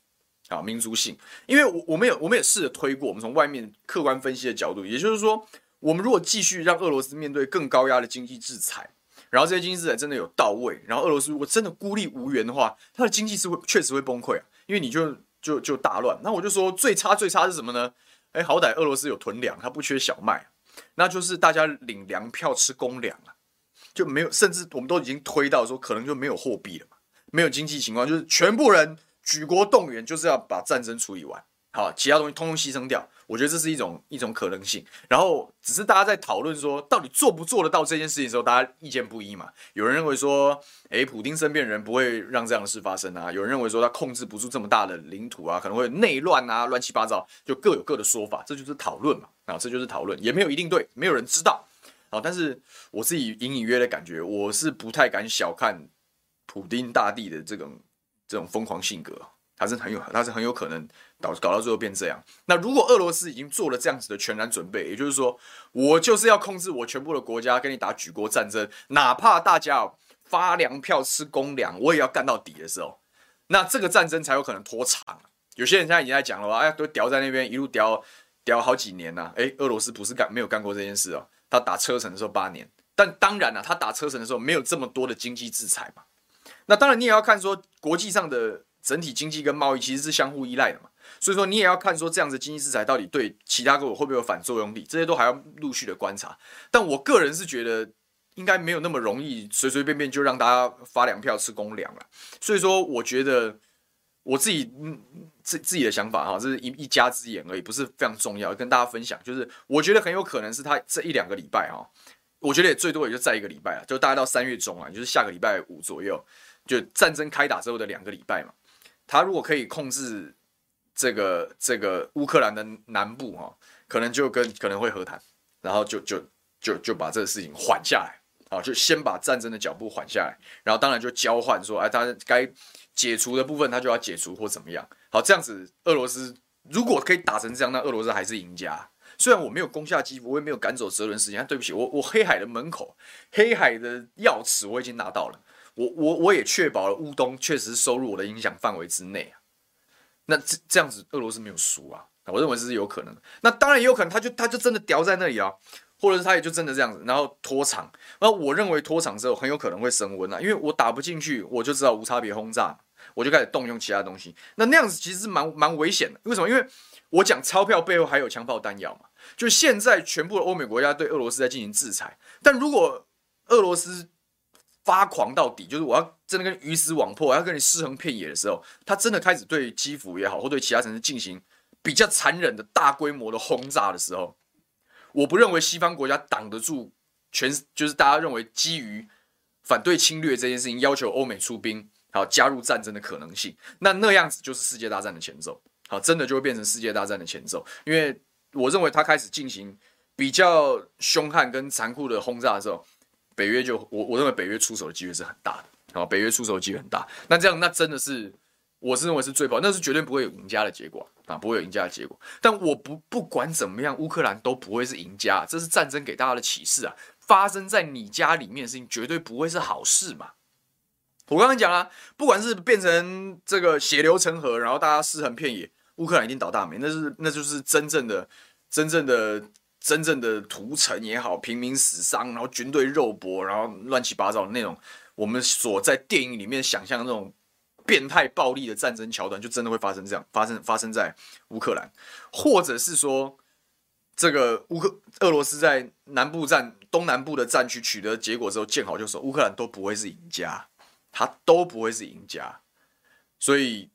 啊，民族性。因為我我們也我們也試着推過，我們從外面客觀分析的角度，也就是說，我們如果繼續讓俄羅斯面對更高壓的經濟制裁，然後這些經濟制裁真的有到位，然後俄羅斯如果真的孤立無援的話，它的經濟是會確實會崩潰啊，因為你就就就大亂。那我就說最差最差是什麼呢？哎，好歹俄羅斯有囤糧，它不缺小麥啊，那就是大家領糧票吃公糧就沒有，甚至我們都已經推到說，可能就沒有貨幣了嘛，沒有經濟情況，就是全部人舉國動員，就是要把戰爭處理完，好，其他東西通通犧牲掉。我覺得這是一種一種可能性。然後只是大家在討論說，到底做不做得到這件事情的時候，大家意見不一嘛。有人認為說，誒，普丁身邊人不會讓這樣的事發生啊。有人認為說，他控制不住這麼大的領土啊，可能會內亂啊，亂七八糟，就各有各的說法。這就是討論嘛，啊，這就是討論，也沒有一定對，沒有人知道。好，但是我自己隱隱約的感覺，我是不太敢小看普丁大帝的這種這種瘋狂性格，他是很有他是很有可能導搞，搞到最後變這樣。那如果俄羅斯已經做了這樣子的全然準備，也就是說，我就是要控制我全部的國家，跟你打舉國戰爭，哪怕大家發糧票吃公糧，我也要幹到底的時候，那這個戰爭才有可能拖長。有些人現在已經在講了，哎，都吊在那邊一路吊吊好幾年了，啊，哎，俄羅斯不是幹沒有幹過這件事啊。他打車臣的時候八年，但當然了、啊，他打車臣的時候沒有這麼多的經濟制裁嘛。那當然，你也要看說國際上的整體經濟跟貿易其實是相互依賴的嘛。所以說，你也要看說這樣子的經濟制裁到底對其他各國會不會有反作用力，這些都還要陸續的觀察。但我個人是覺得，應該沒有那麼容易隨隨便便就讓大家發糧票吃公糧了。所以說，我覺得。我自己、嗯、自自己的想法哈，這是一一家之言而已，不是非常重要，跟大家分享。就是我覺得很有可能是他這一兩個禮拜哈，我覺得也最多也就再一個禮拜啊，就大概到三月中啊，就是下個禮拜五左右，就戰爭開打之後的兩個禮拜嘛。他如果可以控制這個這個烏克蘭的南部哦，可能就跟可能會和談，然後就就就就把這個事情緩下來。啊，就先把戰爭的腳步緩下來，然後當然就交換說，哎，他該解除的部分，他就要解除或怎麼樣。好，這樣子，俄羅斯如果可以打成這樣，那俄羅斯還是贏家啊。雖然我沒有攻下基輔，我也沒有趕走澤連斯基。對不起，我我黑海的門口，黑海的鑰匙我已經拿到了，我我我也確保了烏東確實是收入我的影響範圍之內啊。那這這樣子，俄羅斯沒有輸啊，我認為這是有可能。那當然也有可能，他就他就真的吊在那裡啊。或者是他也就真的這樣子，然後拖場。那我認為拖場之後很有可能會升溫了，啊，因為我打不進去，我就知道無差別轟炸，我就開始動用其他東西。那那樣子其實是蠻蠻危險的，為什麼？因為我講鈔票背後還有槍炮彈藥嘛。就現在全部的歐美國家對俄羅斯在進行制裁，但如果俄羅斯發狂到底，就是我要真的跟魚死網破，我要跟你屍橫遍野的時候，他真的開始對基輔也好，或對其他城市進行比較殘忍的大規模的轟炸的時候。我不認為西方國家擋得住全，全就是大家認為基於反對侵略這件事情，要求歐美出兵，好，加入戰爭的可能性，那那樣子就是世界大戰的前奏，好，真的就會變成世界大戰的前奏，因為我認為他開始進行比較兇悍跟殘酷的轟炸的時候，北約就我我認為北約出手的幾率是很大的，好，北約出手的幾率很大，那這樣那真的是。我是認為是最不好，那是絕對不會有贏家的結果啊，啊不會有贏家的結果。但我不不管怎麼樣，烏克蘭都不會是贏家，啊，這是戰爭給大家的啟示啊！發生在你家裡面的事情絕對不會是好事嘛。我剛剛講了，不管是變成這個血流成河，然後大家屍橫遍野，烏克蘭一定倒大霉。那是那就是真正的、真正的、真正的屠城也好，平民死傷，然後軍隊肉搏，然後亂七八糟的那種，我們所在電影裡面想象的那種。變態暴力的戰爭橋段就真的會發生這樣發生發生在烏克蘭，或者是說這個烏克俄羅斯在南部戰東南部的戰區取得結果之後見好就收，烏克蘭都不會是贏家，他都不會是贏家。所以，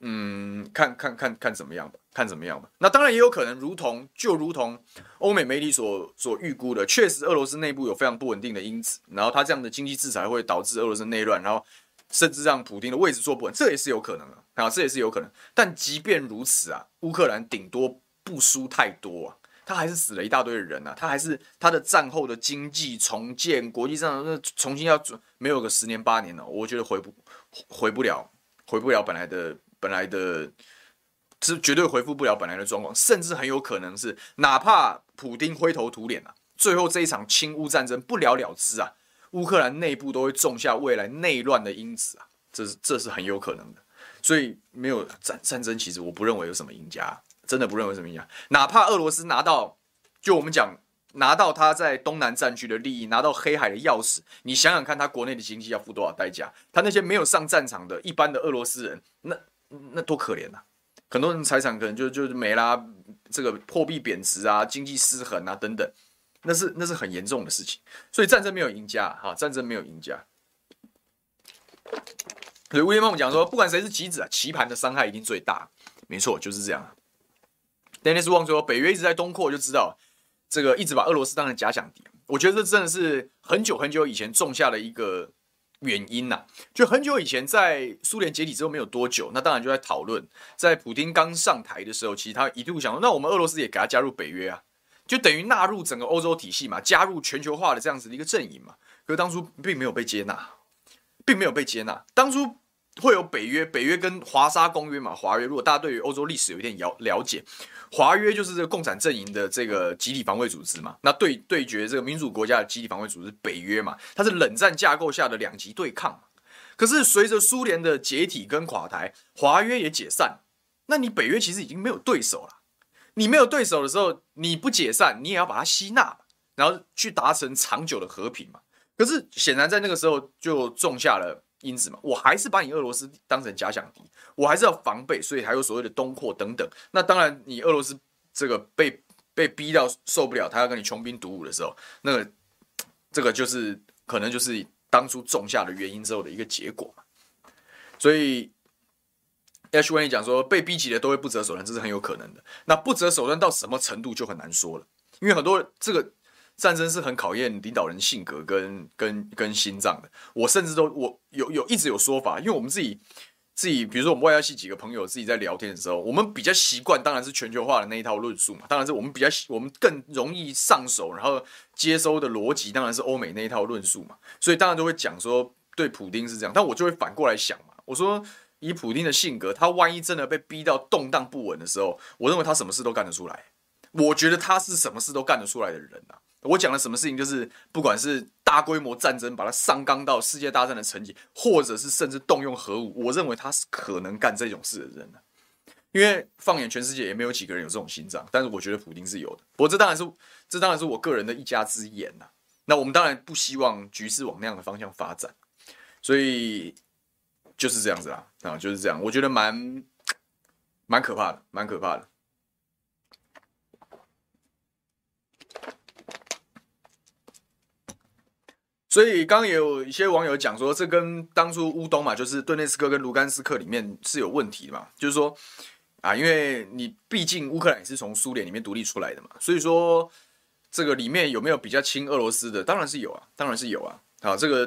嗯，看看看看怎麼樣吧，看怎麼樣吧。那當然也有可能，如同就如同歐美媒體所所預估的，確實俄羅斯內部有非常不穩定的因子，然後他這樣的經濟制裁會導致俄羅斯內亂，然後。甚至讓普丁的位置坐不穩，這也是有可能的啊，這也是有可能。但即便如此啊，烏克蘭頂多不輸太多啊，他還是死了一大堆的人啊，他還是他的戰後的經濟重建、國際上重新要沒有個十年八年呢，我覺得回不回不了，回不了本來的本來的，是絕對回復不了本來的狀況。甚至很有可能是，哪怕普丁灰頭土臉啊，最後這一場侵烏戰爭不了了之啊。烏克蘭內部都會種下未來內亂的因子啊，這是這是很有可能的。所以沒有戰戰爭，其實我不認為有什麼贏家，真的不認為什麼贏家。哪怕俄羅斯拿到，就我們講拿到他在東南戰區的利益，拿到黑海的鑰匙，你想想看，他國內的經濟要付多少代價？他那些沒有上戰場的一般的俄羅斯人，那那多可憐吶、啊！很多人財產可能就就是沒了，這個貨幣貶值啊，經濟失衡啊，等等。那是那是很嚴重的事情，所以戰爭沒有贏家，哈、啊，戰爭沒有贏家。所以威廉夢講說，不管誰是棋子啊，棋盤的傷害一定最大，沒錯，就是這樣。Dennis Wong 說，北約一直在東擴，就知道這個一直把俄羅斯當成假想敵。我覺得這真的是很久很久以前種下的一個原因吶、啊，就很久以前在蘇聯解體之後沒有多久，那當然就在討論，在普丁剛上台的時候，其實他一度想說，那我們俄羅斯也給他加入北約啊。就等於納入整個歐洲體系嘛，加入全球化的這樣子的一個陣營嘛，可是當初並沒有被接納，並沒有被接納。當初會有北約，北約跟華沙公約嘛，華約。如果大家對於歐洲歷史有一點了了解，華約就是這個共產陣營的這個集體防衛組織嘛，那對對決這個民主國家的集體防衛組織北約嘛，它是冷戰架構下的兩極對抗。可是隨着蘇聯的解體跟垮台，華約也解散，那你北約其實已經沒有對手了。你沒有對手的時候，你不解散，你也要把它吸納，然後去達成長久的和平嘛。可是顯然在那個時候就種下了因子嘛。我還是把你俄羅斯當成假想敵，我還是要防備，所以還有所謂的東擴等等。那當然，你俄羅斯這個被被逼到受不了，他要跟你窮兵黷武的時候，那個、這個就是可能就是當初種下的原因之後的一個結果嘛。所以。H o n 講說，被逼急了都會不擇手段，這是很有可能的。那不擇手段到什麼程度就很難說了，因為很多這個戰爭是很考驗領導人性格跟跟跟心臟的。我甚至都我有有一直有說法，因為我們自己自己，比如說我們外交系幾個朋友自己在聊天的時候，我們比較習慣當然是全球化的那一套論述嘛，當然是我們比較我們更容易上手，然後接收的邏輯當然是歐美那一套論述嘛，所以當然都會講說對普丁是這樣，但我就會反過來想嘛，我說。以普丁的性格，他萬一真的被逼到動盪不穩的時候，我認為他什麼事都幹得出來。我覺得他是什麼事都幹得出來的人吶、啊。我講的什麼事情，就是不管是大規模戰爭，把他上綱到世界大戰的層級，或者是甚至動用核武，我認為他是可能幹這種事的人、啊、因為放眼全世界，也沒有幾個人有這種心臟。但是我覺得普丁是有的。不過這當然是這當然是我個人的一家之言吶、啊。那我們當然不希望局勢往那樣的方向發展，所以就是這樣子啦、啊。啊，就是這樣，我覺得蠻蠻可怕的，蠻可怕的。所以剛剛有一些網友講說，這跟當初烏東嘛，就是頓涅茨克跟盧甘斯克裡面是有問題的嘛，就是說啊，因為你畢竟烏克蘭也是從蘇聯裡面獨立出來的嘛，所以說這個裡面有沒有比較親俄羅斯的，當然是有啊，當然是有啊。啊，這個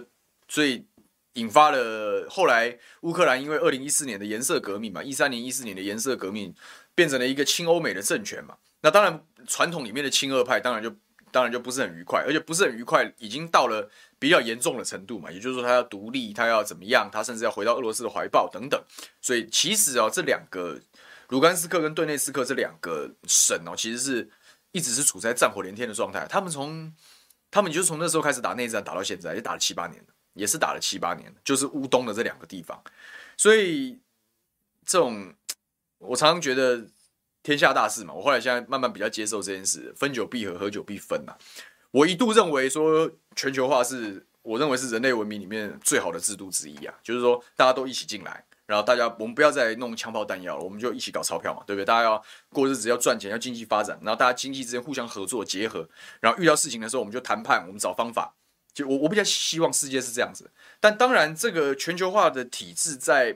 最。所以引發了後來烏克蘭因為二零一四年的顏色革命嘛，一三年、一四年的顏色革命變成了一個親歐美的政權嘛。那當然，傳統裡面的親俄派當然就當然就不是很愉快，而且不是很愉快，已經到了比較嚴重的程度嘛。也就是說，他要獨立，他要怎麼樣，他甚至要回到俄羅斯的懷抱等等。所以，其實啊、喔，這兩個盧甘斯克跟頓涅斯克這兩個省哦，其實是一直是處在戰火連天的狀態。他們從他們就從那時候開始打內戰，打到現在也打了七八年了也是打了七八年，就是烏東的這兩個地方，所以這種，我常常覺得天下大事嘛。我後來現在慢慢比較接受這件事，分久必合，合久必分嘛、啊。我一度認為說全球化是我認為是人類文明裡面最好的制度之一啊，就是說大家都一起進來，然後大家，我們不要再弄槍炮彈藥了，我們就一起搞鈔票嘛，對不對？大家要過日子，要賺錢，要經濟發展，然後大家經濟之間互相合作結合，然後遇到事情的時候，我們就談判，我們找方法。就我我比較希望世界是這樣子，但當然這個全球化的體制在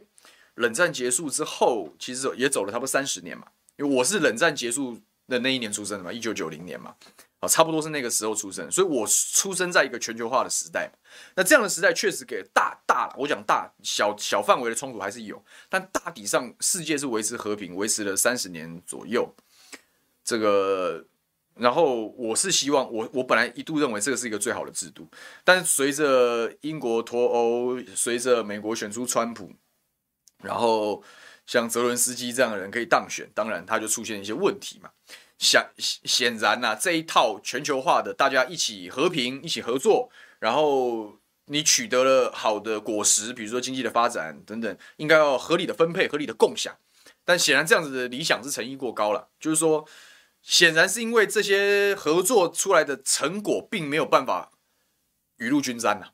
冷戰結束之後，其實也走了差不多三十年嘛，因為我是冷戰結束的那一年出生的嘛，一九九零年嘛，啊，差不多是那個時候出生，所以我出生在一個全球化的時代。那這樣的時代確實給大大，大，我講大小小範圍的衝突還是有，但大體上世界是維持和平，維持了三十年左右，這個。然後我是希望我我本來一度認為這個是一個最好的制度，但隨着英國脫歐，隨着美國選出川普，然後像澤倫斯基這樣的人可以當選，當然他就出現一些問題嘛。顯顯然吶、啊，這一套全球化的大家一起和平、一起合作，然後你取得了好的果實，比如說經濟的發展等等，應該要合理的分配、合理的共享。但顯然這樣子的理想是陳義過高了，就是說。顯然是因為這些合作出來的成果並沒有辦法雨露均沾呐，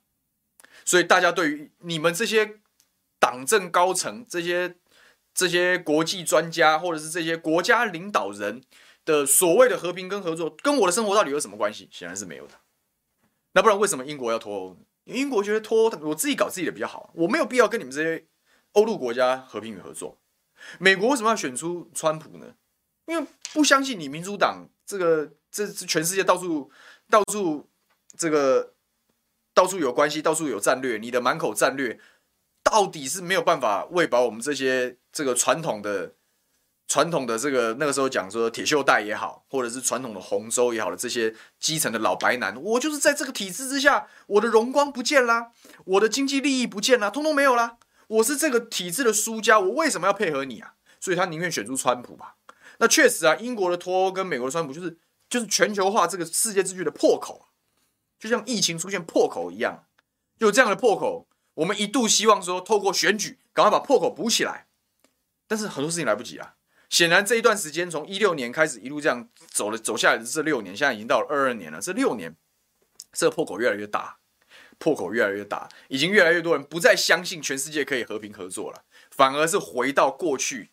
所以大家對於你們這些黨政高層、這些這些國際專家，或者是這些國家領導人的所謂的和平跟合作，跟我的生活到底有什麼關係？顯然是沒有的。那不然為什麼英國要脫歐？英國覺得脫歐，我自己搞自己的比較好，我沒有必要跟你們這些歐陸國家和平與合作。美國為什麼要選出川普呢？因為不相信你民主黨這個，這全世界到處到處這個到處有關係，到處有戰略。你的滿口戰略，到底是沒有辦法餵飽我們這些這個傳統的傳統的這個那個時候講說鐵鏽帶也好，或者是傳統的紅州也好的這些基層的老白男。我就是在這個體制之下，我的榮光不見啦，我的經濟利益不見啦，通通沒有啦。我是這個體制的輸家，我為什麼要配合你啊？所以他寧願選出川普吧。那確實啊，英國的脫歐跟美國的川普，就是就是全球化這個世界秩序的破口啊，就像疫情出現破口一樣。有這樣的破口，我們一度希望說，透過選舉趕快把破口補起來。但是很多事情來不及啊。顯然這一段時間，從一六年開始一路這樣走了走下來的這六年，現在已經到了二二年了。這六年，這個破口越來越大，破口越來越大，已經越來越多人不再相信全世界可以和平合作了，反而是回到過去。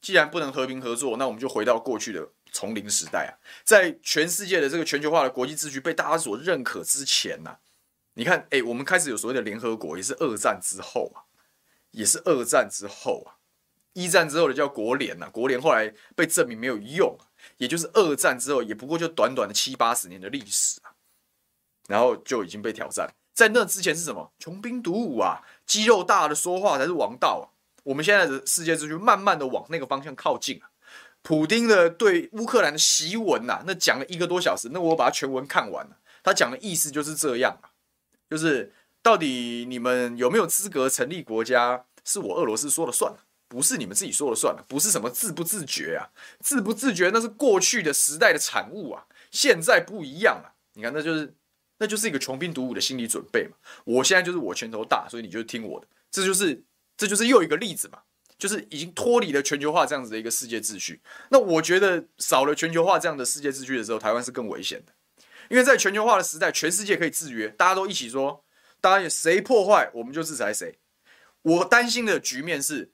既然不能和平合作，那我們就回到過去的叢林時代啊！在全世界的這個全球化的國際秩序被大家所認可之前啊，你看，欸，我們開始有所謂的聯合國，也是二戰之後啊，也是二戰之後啊，一戰之後的叫國聯啊，國聯後來被證明沒有用，也就是二戰之後，也不過就短短的七八十年的歷史啊，然後就已經被挑戰。在那之前是什麼？窮兵黷武啊，肌肉大的說話才是王道啊！我們現在的世界秩序慢慢的往那個方向靠近啊。普丁的對烏克蘭的檄文吶啊，那講了一個多小時，那我把它全文看完了。他講的意思就是這樣啊，就是到底你們有沒有資格成立國家，是我俄羅斯說了算啊，不是你們自己說了算啊，不是什麼自不自覺啊，自不自覺那是過去的時代的產物啊，現在不一樣啊。你看，那就是那就是一個窮兵黷武的心理準備嘛。我現在就是我拳頭大，所以你就聽我的，這就是。這就是又一個例子嘛，就是已經脫離了全球化這樣子的一個世界秩序。那我覺得少了全球化這樣的世界秩序的時候，台灣是更危險的。因為在全球化的時代，全世界可以制約，大家都一起說，大家誰破壞，我們就制裁誰。我擔心的局面是，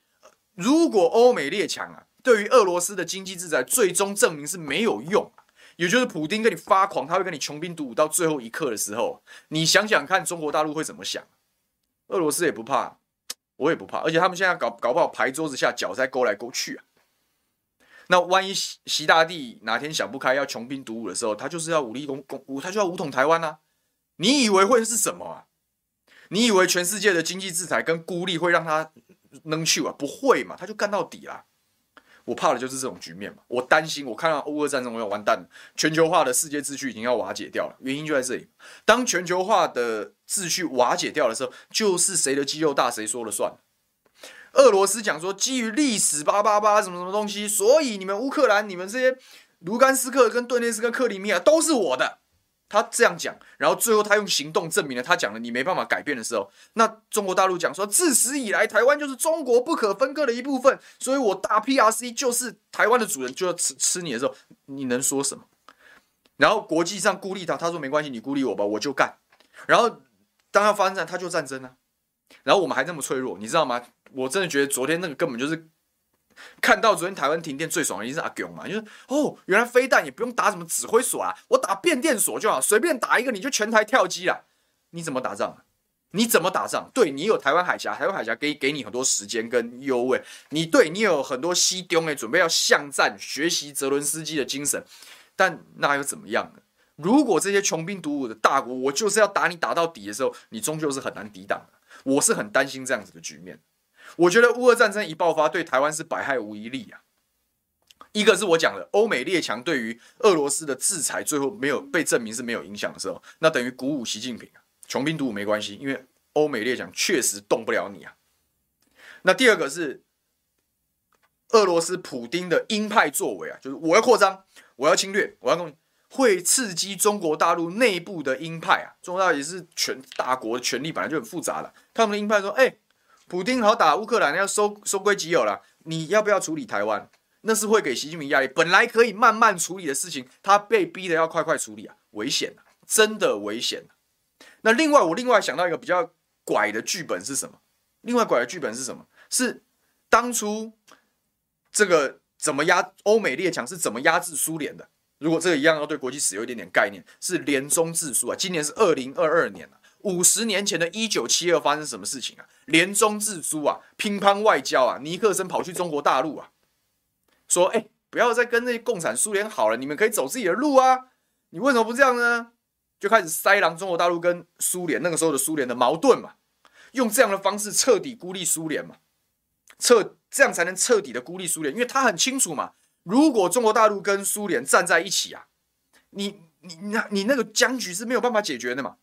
如果歐美列強啊，對於俄羅斯的經濟制裁最終證明是沒有用，也就是普丁跟你發狂，他會跟你窮兵黷武到最後一刻的時候，你想想看，中國大陸會怎麼想？俄羅斯也不怕。我也不怕，而且他們現在搞搞不好牌桌子下腳在勾來勾去啊。那萬一習大帝哪天想不開要窮兵黷武的時候，他就是要武力攻攻，他就要武統台灣啊。你以為會是什麼啊？你以為全世界的經濟制裁跟孤立會讓他軟去啊？不會嘛，他就幹到底啦。我怕的就是這種局面嘛，我擔心，我看到俄烏戰爭我要完蛋，全球化的世界秩序已經要瓦解掉了，原因就在這裡。當全球化的秩序瓦解掉的時候，就是誰的肌肉大誰說了算了。俄羅斯講說基於歷史八八八什麼什麼東西，所以你們烏克蘭、你們這些盧甘斯克跟頓涅斯克克里米亞都是我的。他這樣講，然後最後他用行動證明了，他講了你沒辦法改變的時候，那中國大陸講說自始以來台灣就是中國不可分割的一部分，所以我大 PRC 就是台灣的主人，就要吃吃你的時候，你能說什麼？然後國際上孤立他，他說沒關係，你孤立我吧，我就幹。然後當要發生戰，他就戰爭呢、啊。然後我們還那麼脆弱，你知道嗎？我真的覺得昨天那個根本就是。看到昨天台灣停電最爽的一定是阿共嘛，就是哦，原來飛彈也不用打什麼指揮所啊，我打變電所就好，隨便打一個你就全台跳機了。你怎麼打仗？你怎麼打仗？對，你有台灣海峽，台灣海峽可以給你很多時間跟優惠。你對，你有很多西丟誒，準備要巷戰，學習澤倫斯基的精神。但那又怎麼樣呢？如果這些窮兵黷武的大國，我就是要打你打到底的時候，你終究是很難抵擋的。我是很擔心這樣子的局面。我覺得烏俄戰爭一爆發，對台灣是百害無一利啊。一個是我講的歐美列強對於俄羅斯的制裁，最後沒有被證明是沒有影響的時候，那等於鼓舞習近平啊，窮兵黷武沒關係，因為歐美列強確實動不了你啊。那第二個是俄羅斯普丁的鷹派作為啊，就是我要擴張，我要侵略，我要弄，會刺激中國大陸內部的鷹派啊。中國大陸也是全大國的權力本來就很複雜的，他們的鷹派說，哎。普丁好打烏克蘭，要收收歸己有了、啊。你要不要處理台灣？那是會給習近平壓力。本來可以慢慢處理的事情，他被逼得要快快處理啊，危險、啊、真的危險、啊、那另外，我另外想到一個比較拐的劇本是什麼？另外拐的劇本是什麼？是當初這個怎麼壓歐美列強是怎麼壓制蘇聯的？如果這個一樣，要對國際史有一點點概念，是聯中制蘇啊，今年是二零二二年、啊五十年前的1972發生什麼事情啊？聯中制蘇啊，乒乓外交啊，尼克森跑去中國大陸啊，說：“哎、欸，不要再跟那些共產蘇聯好了，你們可以走自己的路啊。”你為什麼不這樣呢？就開始塞狼中國大陸跟蘇聯那個時候的蘇聯的矛盾嘛，用這樣的方式徹底孤立蘇聯嘛，徹這樣才能徹底的孤立蘇聯，因為他很清楚嘛，如果中國大陸跟蘇聯站在一起啊，你你那你那個僵局是沒有辦法解決的嘛。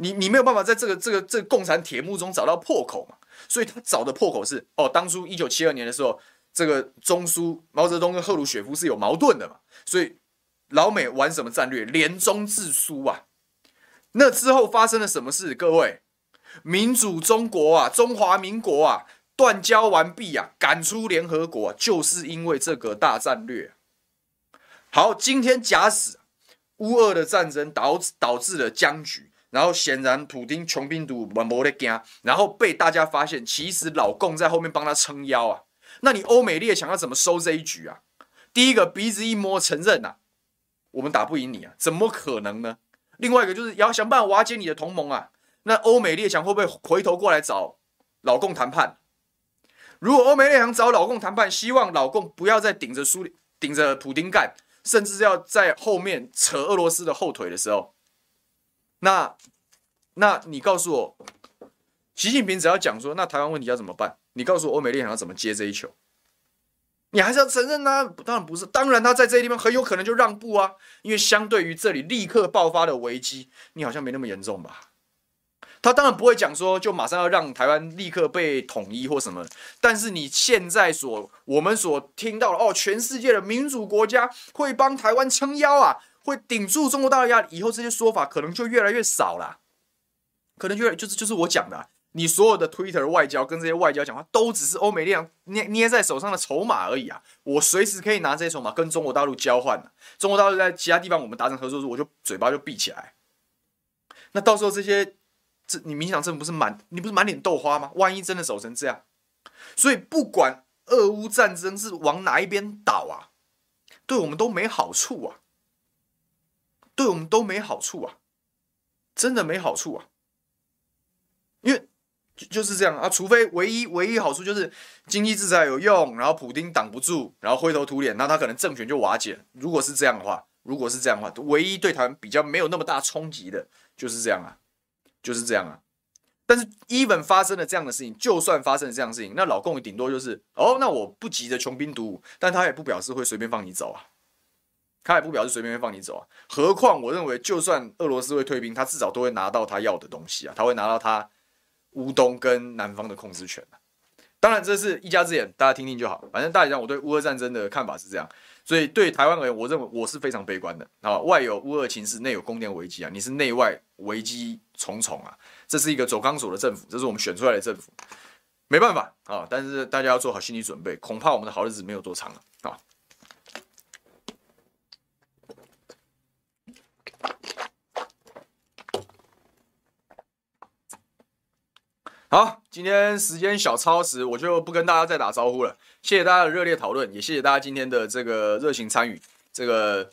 你你沒有辦法在這個這個這個共產鐵幕中找到破口嘛。所以他找的破口是哦，當初一九七二年的時候，這個中蘇毛澤東跟赫魯雪夫是有矛盾的嘛。所以老美玩什麼戰略聯中制蘇啊。那之後發生了什麼事？各位，民主中國啊，中華民國啊，斷交完畢啊，趕出聯合國啊，就是因為這個大戰略。好，今天假使烏俄的戰爭導導致了僵局。然後顯然普丁，普丁窮兵黷武的勁，然後被大家發現，其實老共在後面幫他撐腰啊。那你歐美列強要怎麼收這一局啊？第一個鼻子一摸，承認啊，我們打不贏你啊，怎麼可能呢？另外一個就是要想辦法瓦解你的同盟啊。那歐美列強會不會回頭過來找老共談判？如果歐美列強找老共談判，希望老共不要再頂着蘇頂着普丁幹，甚至要在後面扯俄羅斯的後腿的時候。那，那你告訴我，習近平只要講說，那台灣問題要怎麼辦？你告訴我，歐美列強要怎麼接這一球？你還是要承認啊？當然不是，當然他在這些地方很有可能就讓步啊，因為相對於這裡立刻爆發的危機，你好像沒那麼嚴重吧？他當然不會講說就馬上要讓台灣立刻被統一或什麼，但是你現在所我們所聽到的哦，全世界的民主國家會幫台灣撐腰啊。會頂住中國大陸壓力，以後這些說法可能就越來越少了、啊。可能就，就是就是我講的、啊，你所有的 Twitter 外交跟這些外交講話，都只是歐美列強捏捏在手上的籌碼而已啊！我隨時可以拿這些籌碼跟中國大陸交換、啊、中國大陸在其他地方我們達成合作時，我就，我就嘴巴就閉起來。那到時候這些，這你民進黨政府不是滿，你不是滿臉豆花嗎？萬一真的走成這樣，所以不管俄烏戰爭是往哪一邊倒啊，對我們都沒好處啊。對我們都沒好處啊，真的沒好處啊。因為就就是這樣啊，除非唯一唯一好處就是經濟制裁有用，然後普丁擋不住，然後灰頭土臉，那他可能政權就瓦解。如果是這樣的話，如果是這樣的話，唯一對台灣比較沒有那麼大衝擊的就是這樣啊，就是這樣啊。但是，even 發生了這樣的事情，就算發生了這樣的事情，那老共頂多就是哦，那我不急着窮兵黷武，但他也不表示會隨便放你走啊。他也不表示隨便會放你走啊！何況我認為，就算俄羅斯會退兵，他至少都會拿到他要的東西啊！他會拿到他烏東跟南方的控制權、啊、當然，這是一家之言，大家聽聽就好。反正大家講，我對烏俄戰爭的看法是這樣。所以對台灣而言，我認為我是非常悲觀的。啊、哦，外有烏俄情勢，內有供電危機啊！你是內外危機重重啊！這是一個走鋼索的政府，這是我們選出來的政府，沒辦法啊、哦！但是大家要做好心理準備，恐怕我們的好日子沒有多長了啊！哦。好，今天時間小超時，我就不跟大家再打招呼了。謝謝大家的熱烈討論，也謝謝大家今天的這個熱情參與。這個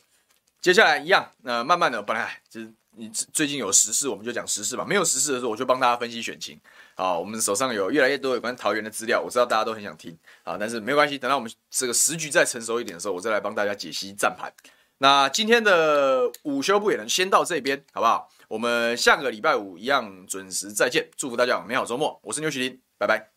接下來一樣，那、呃、慢慢的，本來就是你最近有時事，我們就講時事吧，沒有時事的時候，我就幫大家分析選情。好，我們手上有越來越多有關桃園的資料，我知道大家都很想聽啊，但是沒關係，等到我們這個時局再成熟一點的時候，我再來幫大家解析戰盤。那今天的午休不也能先到這邊，好不好？我們下個禮拜五一樣準時再見，祝福大家有美好周末，我是牛煦庭，拜拜。